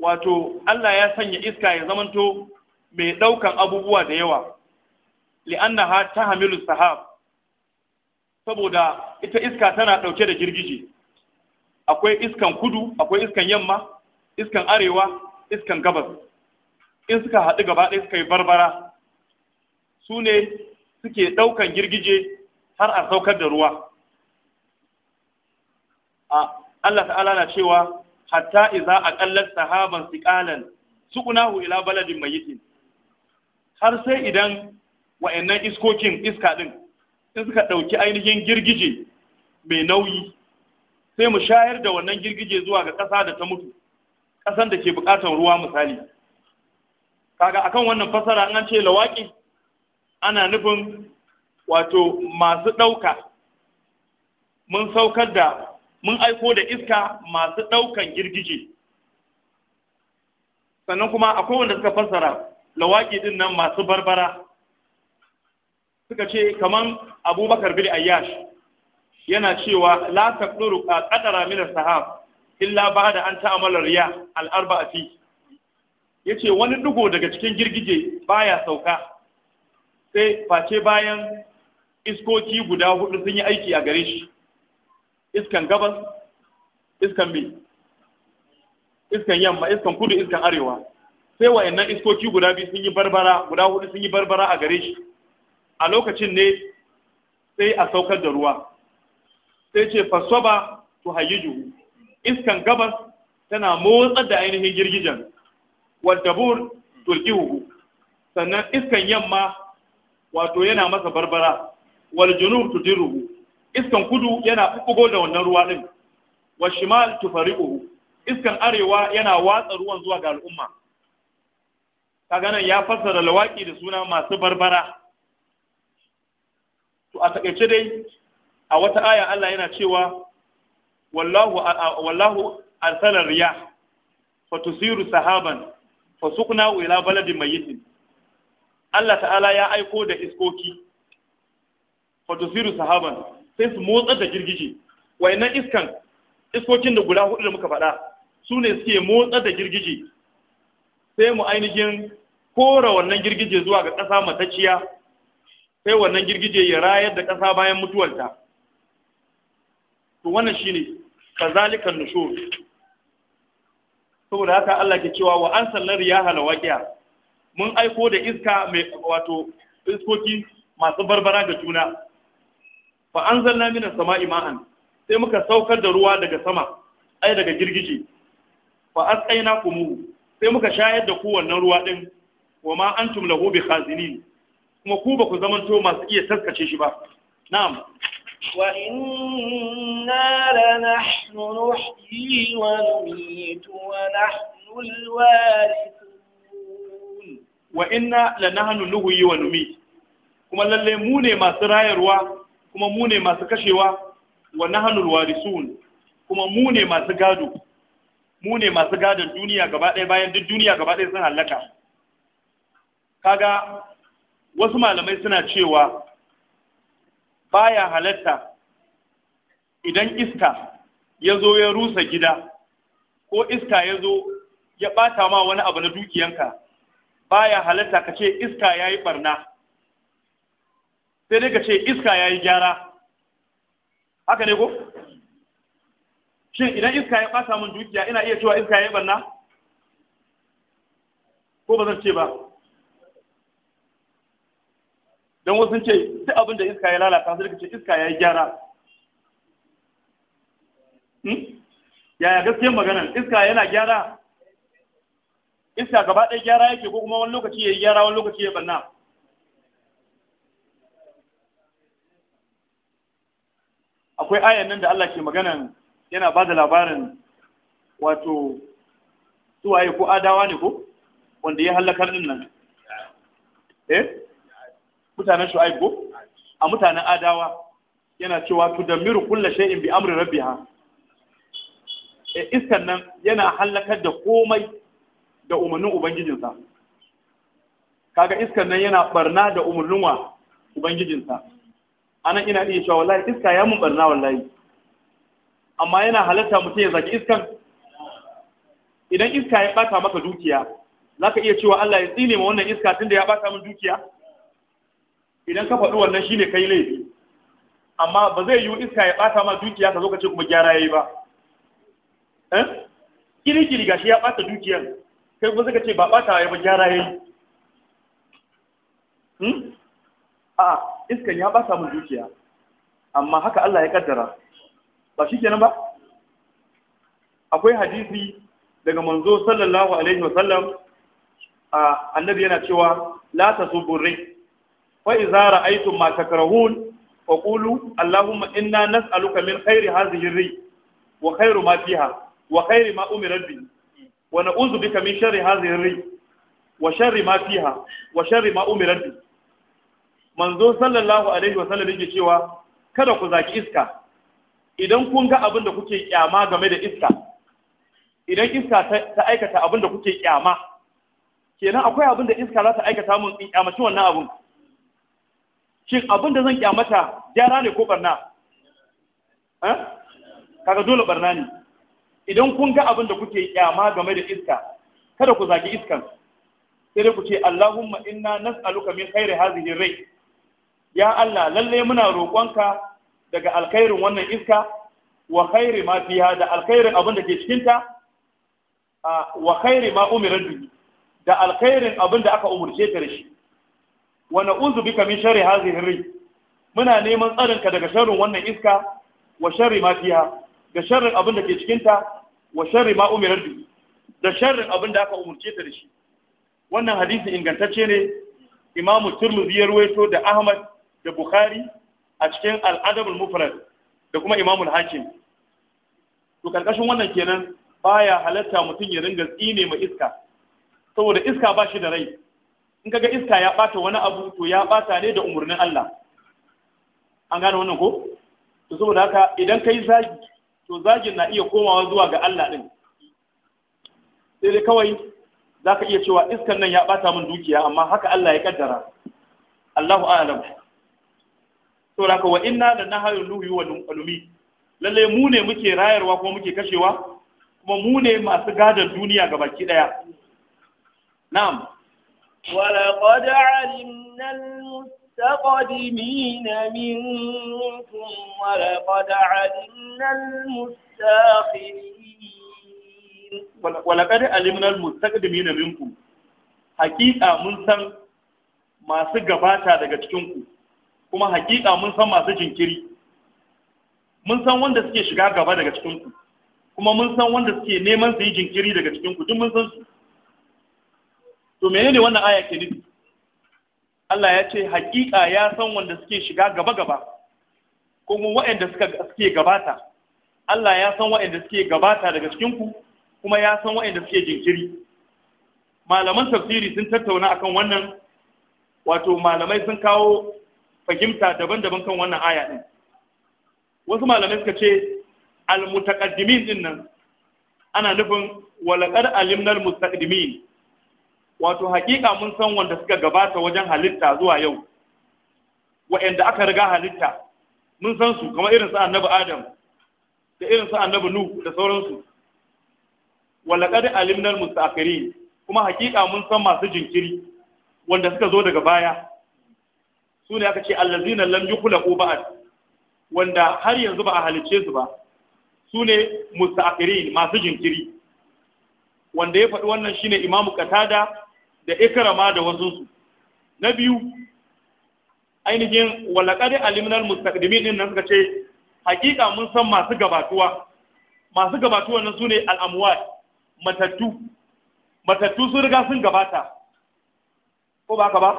Speaker 1: wato Allah ya sanya iska ya zamanto mai ɗaukan abubuwa da yawa ha ta hamilu sahab saboda ita iska tana ɗauke da girgije akwai iskan kudu akwai iskan yamma iskan arewa iskan gabas in suka haɗu gaba ɗaya suka yi barbara su ne suke ɗaukan girgije har a saukar da ruwa a Allah ta'ala na cewa hatta iza a aqallat sahaban su suqnahu ila baladin mayyitin har sai idan wayannan iskokin iska ɗin in suka ɗauki ainihin girgije mai nauyi sai mu shayar da wannan girgije zuwa ga ƙasa da ta mutu ƙasan da ke buƙatar ruwa misali kaga akan wannan fasara an ce lawaki ana nufin wato masu ɗauka mun saukar da mun aiko da iska masu ɗaukan girgije sannan kuma akwai wanda suka fasara lawaki din nan masu barbara suka ce kaman abubakar bin ayyash yana cewa la taqduru qadara min as-sahab illa ba'da an ta'amala riya al-arba'ati ya ce wani dugo daga cikin girgije baya sauka sai face bayan iskoki guda hudu sun yi aiki a gare shi iskan gabas iskan mai iskan yamma iskan kudu iskan arewa sai wa'annan iskoki guda biyu sun yi barbara guda hudu sun yi barbara a gare shi a lokacin ne sai a saukar da ruwa sai ce fasoba to hayyiju iskan gabas tana motsar da ainihin girgijen wadabur turkihu sannan iskan yamma wato yana masa barbara wal junub tudiruhu iskan kudu yana bugo da wannan ruwa din wa shimal tufariquhu iskan arewa yana watsa ruwan zuwa ga al'umma Kaganan ya fassara lawaki da suna masu barbara to a takaice dai a wata aya Allah yana cewa wallahu wallahu arsala riyah fatusiru sahaban fasukna ila baladin mayyitin Allah ta'ala ya aiko da iskoki fatusiru sahaban sai su motsa da girgije wayannan iskan iskokin da guda hudu da muka faɗa su ne suke motsa da girgije sai mu ainihin kora wannan girgije zuwa ga ƙasa matacciya sai wannan girgije ya rayar da ƙasa bayan mutuwarta to wannan shine kazalikan nushur saboda haka Allah ke cewa wa an sallar Wakiya mun aiko da iska mai wato iskoki masu barbara ga juna fa zanna mina sama'i ma'an sai muka saukar da ruwa daga sama ai daga girgije fa asqayna kumu sai muka shayar da ku wannan ruwa din wa ma antum lahu bi khazinin kuma ku ba ku zamanto masu iya taskace shi ba na'am
Speaker 2: وإنا لنحن نحيي ونميت ونحن الوارثون وإنا لنحن
Speaker 1: نحيي ونميت كما lalle mu ne masu rayarwa kuma mu ne masu kashewa wa nahanul warisun kuma mu ne mu ne masu gadon duniya gaba ɗaya bayan duk duniya gaba ɗaya sun hallaka kaga wasu malamai suna cewa baya halatta idan iska ya zo ya rusa gida ko iska ya zo ya ɓata ma wani abu na dukiyanka baya halatta ka ce iska ya yi ɓarna sai dai ka ce iska ya yi gyara haka ne ko? shin idan iska ya ɓata min dukiya ina iya cewa iska ya yi ɓarna ko ba zan ce ba don wasu ce duk abin da iska ya lalata sai ce iska ya yi gyara hmm? yaya gaskiyar maganan iska yana gyara iska gaba ɗaya gyara yake ko kuma wani lokaci ya yi gyara wani lokaci ya banna akwai ayan nan da Allah ke maganan yana ba da labarin wato suwaye ko adawa ne ko wanda ya hallakar nan eh mutanen shu'aib ko a mutanen adawa yana cewa da miru kulla shay'in bi amri rabbiha e, iskan nan yana halakar da komai da umarnin ubangijinsa kaga iskan nan yana barna da umarnin wa ubangijinsa anan ina iya cewa wallahi iska ya mun barna wallahi amma yana halatta mutum ya zaki iskan idan iska ya bata maka dukiya zaka iya cewa Allah ya tsine ma wannan iska tunda ya bata min dukiya idan ka faɗi wannan shine kai laifi amma ba zai yiwu iska ya ɓata ma dukiya ka zo ka ce kuma gyara ya yi ba eh? Kirikiri ga shi ya ɓata dukiyar kai kuma suka ce ba ɓata ya ba gyara ya yi. Hmm? a iskan ya ɓata mun dukiya amma haka Allah ya kaddara ba shi kenan ba akwai hadisi daga manzo sallallahu alaihi wasallam annabi yana cewa la tasubbu rai fa idza ra'aytum ma takrahun fa qulu allahumma inna nas'aluka min khairi hadhihi ri wa khairu ma fiha wa khairi ma umirat bi wa na'udhu bika min sharri hadhihi ri wa sharri ma fiha wa sharri ma umirat bi manzo sallallahu alaihi wa sallam yake cewa kada ku zaki iska idan kun ga abin da kuke kyama game da iska idan iska ta aikata abin da kuke kyama kenan akwai abin da iska za ta aikata mun in kyamaci wannan abin shin abin da zan kyamata gyara ne ko barna eh? kaga dole barna ne idan kun ga abin da kuke kyama game da iska kada ku zagi iskan sai dai ku ce Allahumma inna nas'aluka min khairi hadhihi rai ya Allah lalle muna roƙonka daga alkhairin wannan iska wa khairi ma fiha da alkhairin abin da ke cikin ta wa khairi ma umira da alkhairin abin da aka umurce ta da shi wa na'udhu bika min sharri hadhihi ri muna neman tsarin ka daga sharrin wannan iska wa sharri ma fiha da sharrin abin da ke cikinta ta wa sharri ma umirar bi da sharrin abin da aka umurce ta da shi wannan hadisi ingantacce ne imamu turmuzi ya ruwaito da ahmad da bukhari a cikin al'adabul mufrad da kuma imamul hakim to karkashin wannan kenan baya halatta mutum ya ringa tsine ma iska saboda iska ba shi da rai in kaga iska ya bata wani abu to ya bata ne da umurnin Allah an gane wannan ko to saboda haka idan kai zagi to zagin na iya komawa zuwa ga Allah din sai dai kawai zaka iya cewa iskan nan ya bata min dukiya amma haka Allah ya kaddara Allahu a'lam saboda haka wa inna la nahayul luhi wa lumi lalle mu ne muke rayarwa kuma muke kashewa kuma mu ne masu gadon duniya gabaki daya
Speaker 2: na'am ولقد علمنا المستقدمين منكم ولقد علمنا المستاخرين
Speaker 1: ولقد علمنا المستقدمين منكم حقيقة من سن masu gabata daga cikinku kuma hakika mun san masu jinkiri mun san wanda suke shiga gaba daga cikinku kuma mun san wanda suke neman su yi jinkiri daga cikinku duk mun san su to menene wannan aya ke nufi Allah ya ce hakika ya san wanda suke shiga gaba gaba kuma waɗanda suke gabata Allah ya san waɗanda suke gabata daga cikin ku kuma ya san waɗanda suke jinkiri malaman tafsiri sun tattauna akan wannan wato malamai sun kawo fahimta daban-daban kan wannan aya din wasu malamai suka ce almutaqaddimin din nan ana nufin walakar alimnal mustaqdimin wato hakika mun san wanda suka gabata wajen halitta zuwa yau wa'anda aka riga halitta mun san su kamar irin su annabi adam da irin su annabi nu da sauransu walaqad alimna almustakhirin kuma hakika mun san masu jinkiri wanda suka zo daga baya su ne aka ce allazina lam yukhlaqu ba'd wanda har yanzu ba a halicce su ba su ne masu jinkiri wanda ya faɗi wannan shine imamu katada da ikrama da wasu na biyu ainihin walaqad aliminal mustaqdimi din nan suka ce hakika mun san masu gabatuwa masu gabatuwa nan sune al'amwat matattu matattu sun riga sun gabata ko ba ka ba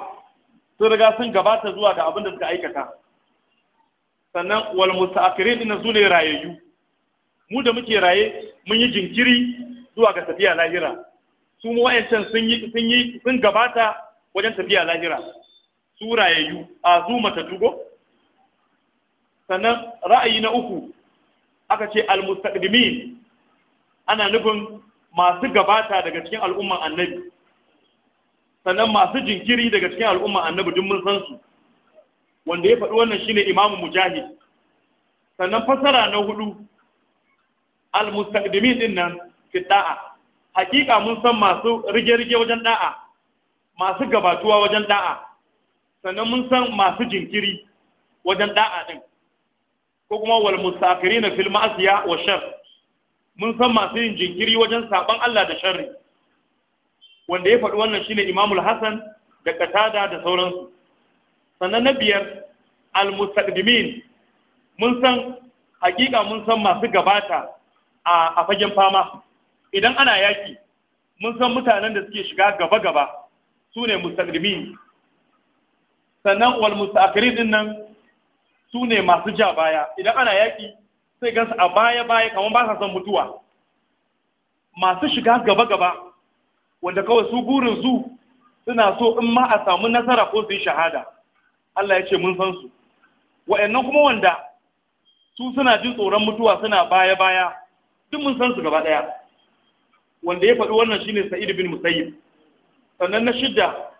Speaker 1: sun riga sun gabata zuwa ga abin da suka aikata sannan wal musta'akhirin din sune rayayyu mu da muke raye mun yi jinkiri zuwa ga tafiya lahira su mu wayancan sun yi sun yi sun gabata wajen tafiya lahira su rayayyu a zuma ta dugo? sannan ra'ayi na uku aka ce almustaqdimin ana nufin masu gabata daga cikin al'umman annabi sannan masu jinkiri daga cikin al'umman annabi duk mun san su wanda ya faɗi wannan shine imamu mujahid sannan fasara na hudu al-mustaqdimin din nan fi da'a hakika mun san masu rige-rige wajen da'a masu gabatuwa wajen da'a sannan mun san masu jinkiri wajen da'a din ko kuma wal na fil ma'asiya wa shar mun san masu yin jinkiri wajen saban Allah da sharri wanda ya faɗi wannan shine Imamul Hasan da katada da sauransu sannan na biyar al mustaqdimin mun san hakika mun san masu gabata a fagen fama idan ana yaki mun san mutanen da suke shiga gaba-gaba su ne musulmi sannan wal mustaqirin din nan su ne masu ja baya idan ana yaki sai gansu a baya-baya kamar ba sa son mutuwa masu shiga gaba-gaba wanda kawai su burin su suna so in ma a samu nasara ko su shahada Allah ya ce mun san su wa'annan kuma wanda su suna jin tsoron mutuwa suna baya-baya duk mun san su gaba ɗaya wanda ya faɗi wannan shine sa'id bin musayyib sannan na shidda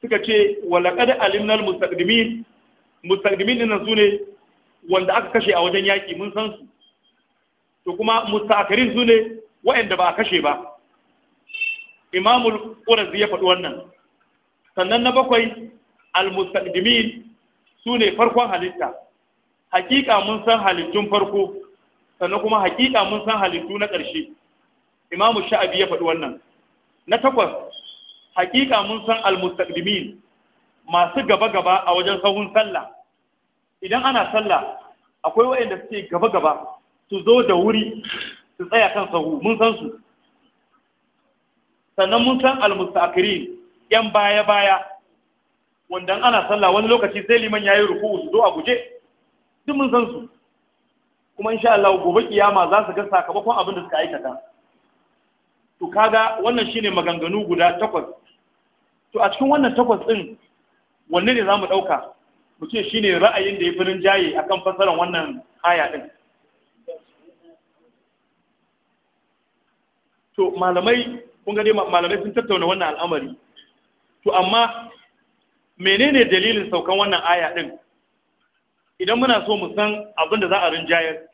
Speaker 1: suka ce walaqad alimna almustaqdimin mustaqdimin dinnan sune wanda aka kashe a wajen yaki mun san su to kuma mustakarin sune waɗanda ba a kashe ba imamul qurazi ya faɗi wannan sannan na bakwai almustaqdimin sune farkon halitta hakika mun san halittun farko sannan kuma hakika mun san halittu na ƙarshe imamu sha'abi ya faɗi wannan na takwas hakika mun san almustaqdimin masu gaba gaba a wajen sahun sallah idan ana sallah akwai waɗanda suke gaba gaba su zo da wuri su tsaya kan sahu mun san su sannan mun san almustaqirin yan baya baya wanda ana sallah wani lokaci sai liman yayi ruku'u su zo a guje duk mun san su kuma insha Allah gobe kiyama za su ga sakamakon abin da suka aikata to kaga wannan shine maganganu guda takwas to a cikin wannan takwas din wanne ne zamu dauka mu ce shine ra'ayin da ya fi rinjaye akan fasaran wannan aya din to malamai kun ga dai malamai sun tattauna wannan al'amari to amma menene dalilin saukan wannan aya din idan muna so mu san abin da za a rinjayar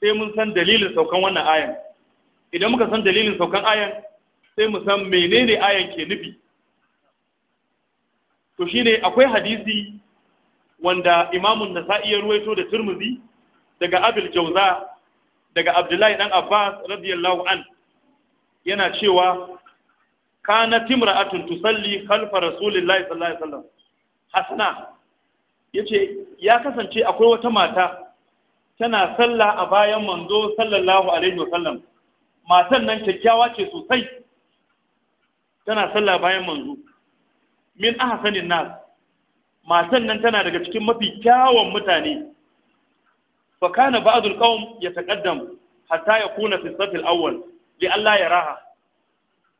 Speaker 1: sai mun san dalilin saukan wannan ayan idan muka san dalilin saukan ayan sai mu san menene ayan ke nufi to shine akwai hadisi wanda imamun nasa'i ya ruwaito da turmuzi daga abil jauza daga abdullahi dan abbas radiyallahu an yana cewa kana timra'atun tusalli khalfa rasulillahi sallallahu alaihi wasallam hasna yace ya kasance akwai wata mata tana sallah a bayan manzo sallallahu alaihi wasallam matan nan kyakkyawa ce sosai tana sallah bayan manzo min ahsanin nas matan nan tana daga cikin mafi kyawun mutane fa kana ba'dul qawm yataqaddam hatta yakuna fi safil awwal li Allah yaraha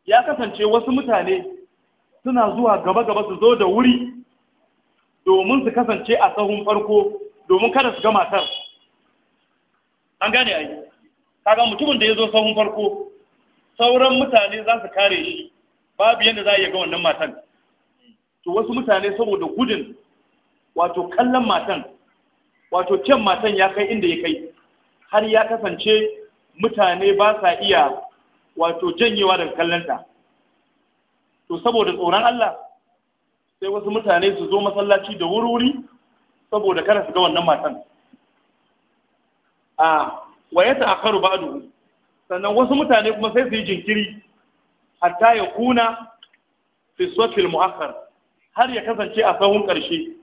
Speaker 1: ya kasance wasu mutane suna zuwa gaba gaba su zo da wuri domin su kasance a sahun farko domin kada su ga matar an gane ai kaga mutumin da ya zo sahun farko sauran mutane za su kare shi babu yadda za a iya wannan matan to wasu mutane saboda gudun wato kallon matan wato kyan matan ya kai inda ya kai har ya kasance mutane ba sa iya wato janyewa daga kallonta to saboda tsoron Allah sai wasu mutane su zo masallaci da wuri-wuri saboda kada su ga wannan matan a ah, wa ya ta'akaru ba ba'duhu sannan wasu mutane kuma sai su yi jinkiri hatta ya kuna fi safil mu'akhkhar har ya kasance a sahun ƙarshe.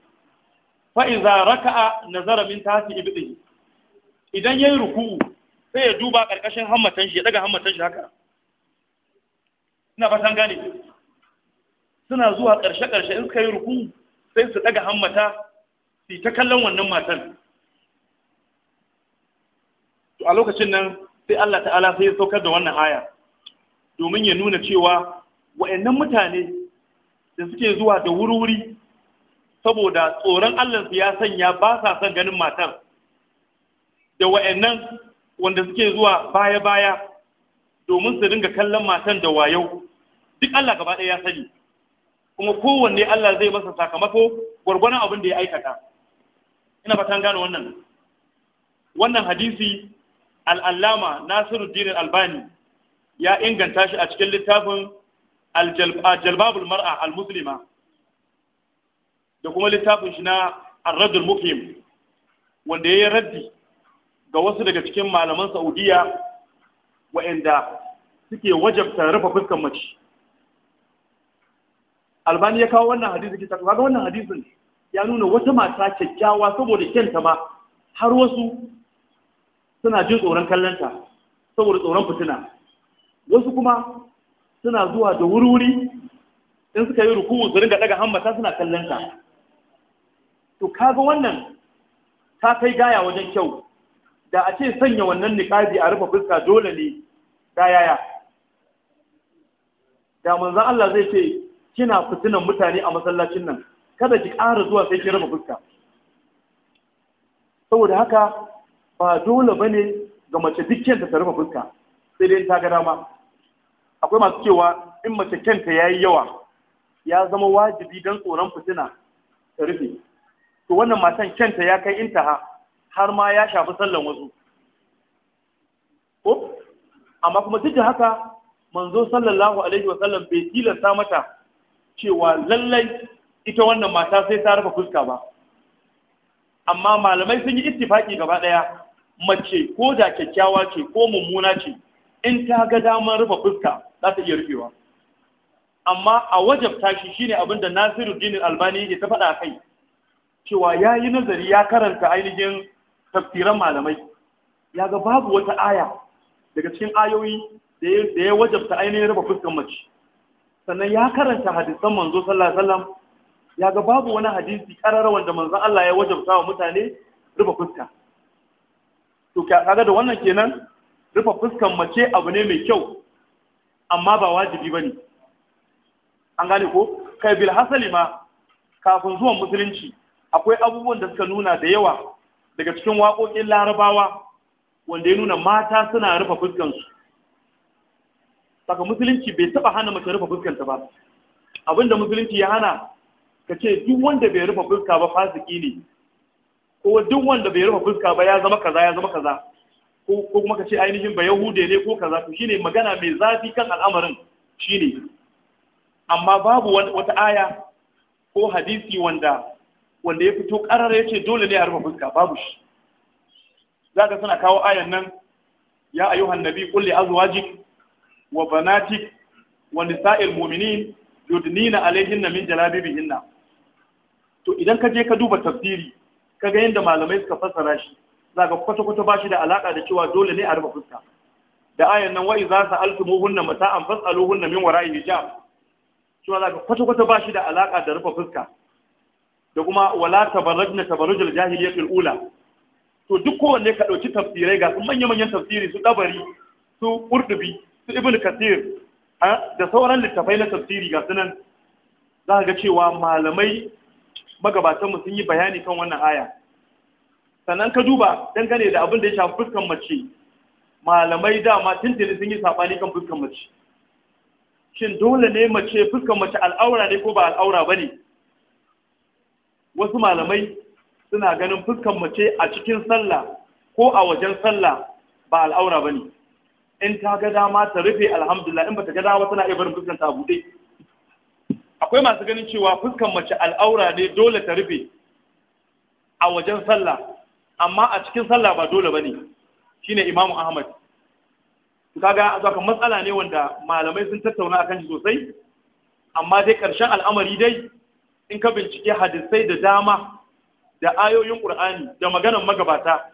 Speaker 1: Fa'iza idza raka'a nazara min tahti ibdihi idan ya yi ruku'u sai ya duba ƙarƙashin hammatan shi ya ɗaga hammatan shi haka ina fatan gane suna zuwa ƙarshe-ƙarshe, in suka yi ruku'u sai su ɗaga hammata su ta kallon wannan matan a lokacin nan sai Allah ta'ala sai ya saukar da wannan aya domin ya nuna cewa wa'annan mutane da suke zuwa da wuri-wuri saboda tsoron Allah su ya sanya ba sa son ganin matar da wa'annan wanda suke zuwa baya-baya domin su dinga kallon matan da wayo duk Allah gaba ɗaya ya sani kuma kowanne Allah zai masa sakamako gwargwanon abin da ya aikata ina fatan gane wannan wannan hadisi al'allama nasiruddin albani ya inganta shi a cikin littafin aljalbabul mar'a al-muslima da kuma littafin shi na arradul mukim wanda ya yi raddi ga wasu daga cikin malaman Saudiyya, wa'anda suke wajabta rufe fuskan mace albani ya kawo wannan hadisi kita kaga wannan hadisin ya nuna wata mata kyakkyawa saboda kyanta ma har wasu suna jin tsoron kallonta saboda tsoron fitina wasu kuma suna zuwa da wuri-wuri in suka yi ruku'u su ringa daga hammata suna kallonta to kaga wannan ta kai gaya wajen kyau da a ce sanya wannan niƙabi a rufe fuska dole ne da yaya da manzan Allah zai ce kina fitinan mutane a masallacin nan kada ki ƙara zuwa sai ki rufe fuska saboda haka ba dole ba ne ga mace duk kenta ta rufe fuska sai dai ta ga dama akwai masu cewa in mace kenta ya yi yawa ya zama wajibi don tsoron fitina ta rufe to wannan matan kenta ya kai intaha har ma ya shafi sallan wasu ko amma kuma duk da haka manzo sallallahu alaihi wasallam bai tilasta mata cewa lallai ita wannan mata sai ta rufe fuska ba amma malamai sun yi ittifaki gaba daya mace ko da kyakkyawa ce ko mummuna ce in ta ga damar rufe fuska za ta iya rufewa amma a wajabta shi shine abin da Nasiruddin Albani ya ta faɗa kai cewa ya yi nazari ya karanta ainihin tafsiran malamai ya ga babu wata aya daga cikin ayoyi da ya wajabta ainihin rufe fuskan mace sannan ya karanta hadisan manzo sallallahu ya ga babu wani hadisi karara wanda manzon Allah ya wajabta wa mutane rufe fuska to kaga da wannan kenan rufe fuskan mace abu ne mai kyau amma ba wajibi bane an gane ko kai bil hasali ma kafin zuwan musulunci akwai abubuwan da suka nuna da yawa daga cikin waƙoƙin larabawa wanda ya nuna mata suna rufe fuskansu saka musulunci bai taba hana mace rufe fuskanta ba abinda musulunci ya hana kace duk wanda bai rufe fuska ba fasiki ne ko duk wanda bai rufe fuska ba ya zama kaza ya zama kaza ko kuma ka ce ainihin ba yahude ne ko kaza to shine magana mai zafi kan al'amarin shine amma babu wata aya ko hadisi wanda wanda ya fito karar ya ce dole ne a rufe fuska babu shi zaka suna kawo ayan nan ya ayyuhan nabi qul li azwajik wa banatik wa nisa'il mu'minin yudnina alayhinna min jalabibihinna to idan ka je ka duba tafsiri kaga yadda malamai suka fassara shi zaka kwata-kwata ba shi da alaka da cewa dole ne a rufe fuska da ayan nan wa'i za su altumu hunna mata'an fasalu hunna min wara'i hijab cewa zaka kwata-kwata ba shi da alaka da rufe fuska da kuma wala tabarrajna tabarrujul jahiliyyati ula to duk kowanne ka dauki tafsirai ga manya-manyan tafsiri su dabari su qurdubi su ibnu kathir da sauran littafai na tafsiri ga sunan za ga cewa malamai magabatan mu sun yi bayani kan wannan aya sannan ka duba dangane da abin da ya shafi fuskan mace malamai dama tuntuni sun yi saɓani kan fuskan mace shin dole ne mace fuskan mace al'aura ne ko ba al'aura ba ne wasu malamai suna ganin fuskan mace a cikin sallah ko a wajen sallah ba al'aura ba ne in ta ga dama ta rufe alhamdulillah in ba ta ga dama tana iya barin fuskan ta buɗe akwai masu ganin cewa fuskan mace al'aura ne dole ta rufe a wajen sallah amma a cikin sallah ba dole ba ne, shi ne imamu ahmad kaga zaka matsala ne wanda malamai sun tattauna akan shi sosai amma dai ƙarshen al'amari dai in ka bincike hadisai da dama da ayoyin ƙur'ani, da maganar magabata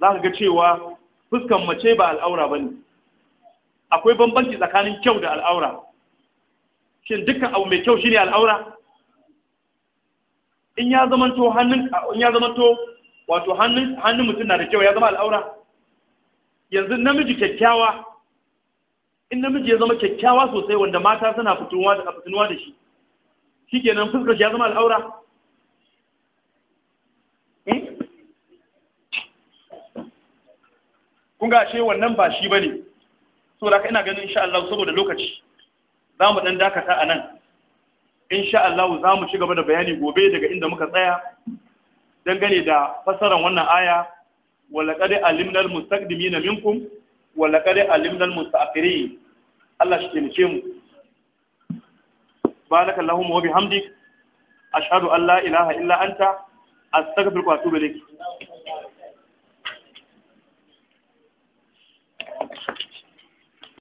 Speaker 1: za ka ga cewa fuskan mace ba al'aura ne. akwai bambanci tsakanin kyau da al'aura shin dukkan abu mai kyau shine al'aura in ya zamanto hannun in ya zamanto wato hannun hannun mutum na da kyau ya zama al'aura yanzu namiji kyakkyawa in namiji ya zama kyakkyawa sosai wanda mata suna fituwa da fituwa da shi shikenan fuskar shi ya zama al'aura hmm? kun ga ashe wannan ba shi bane saboda ina ganin insha Allah saboda lokaci za mu ɗan dakata a nan insha Allah za mu ci gaba da bayani gobe daga inda muka tsaya dangane da fasaran wannan aya walaqad alimnal na minkum walaqad alimnal mustaqirin Allah shi taimake mu Ba na barakallahu wa bihamdik a shaɗu Allah ilaha illa anta astaghfiruka wa atubu ilayk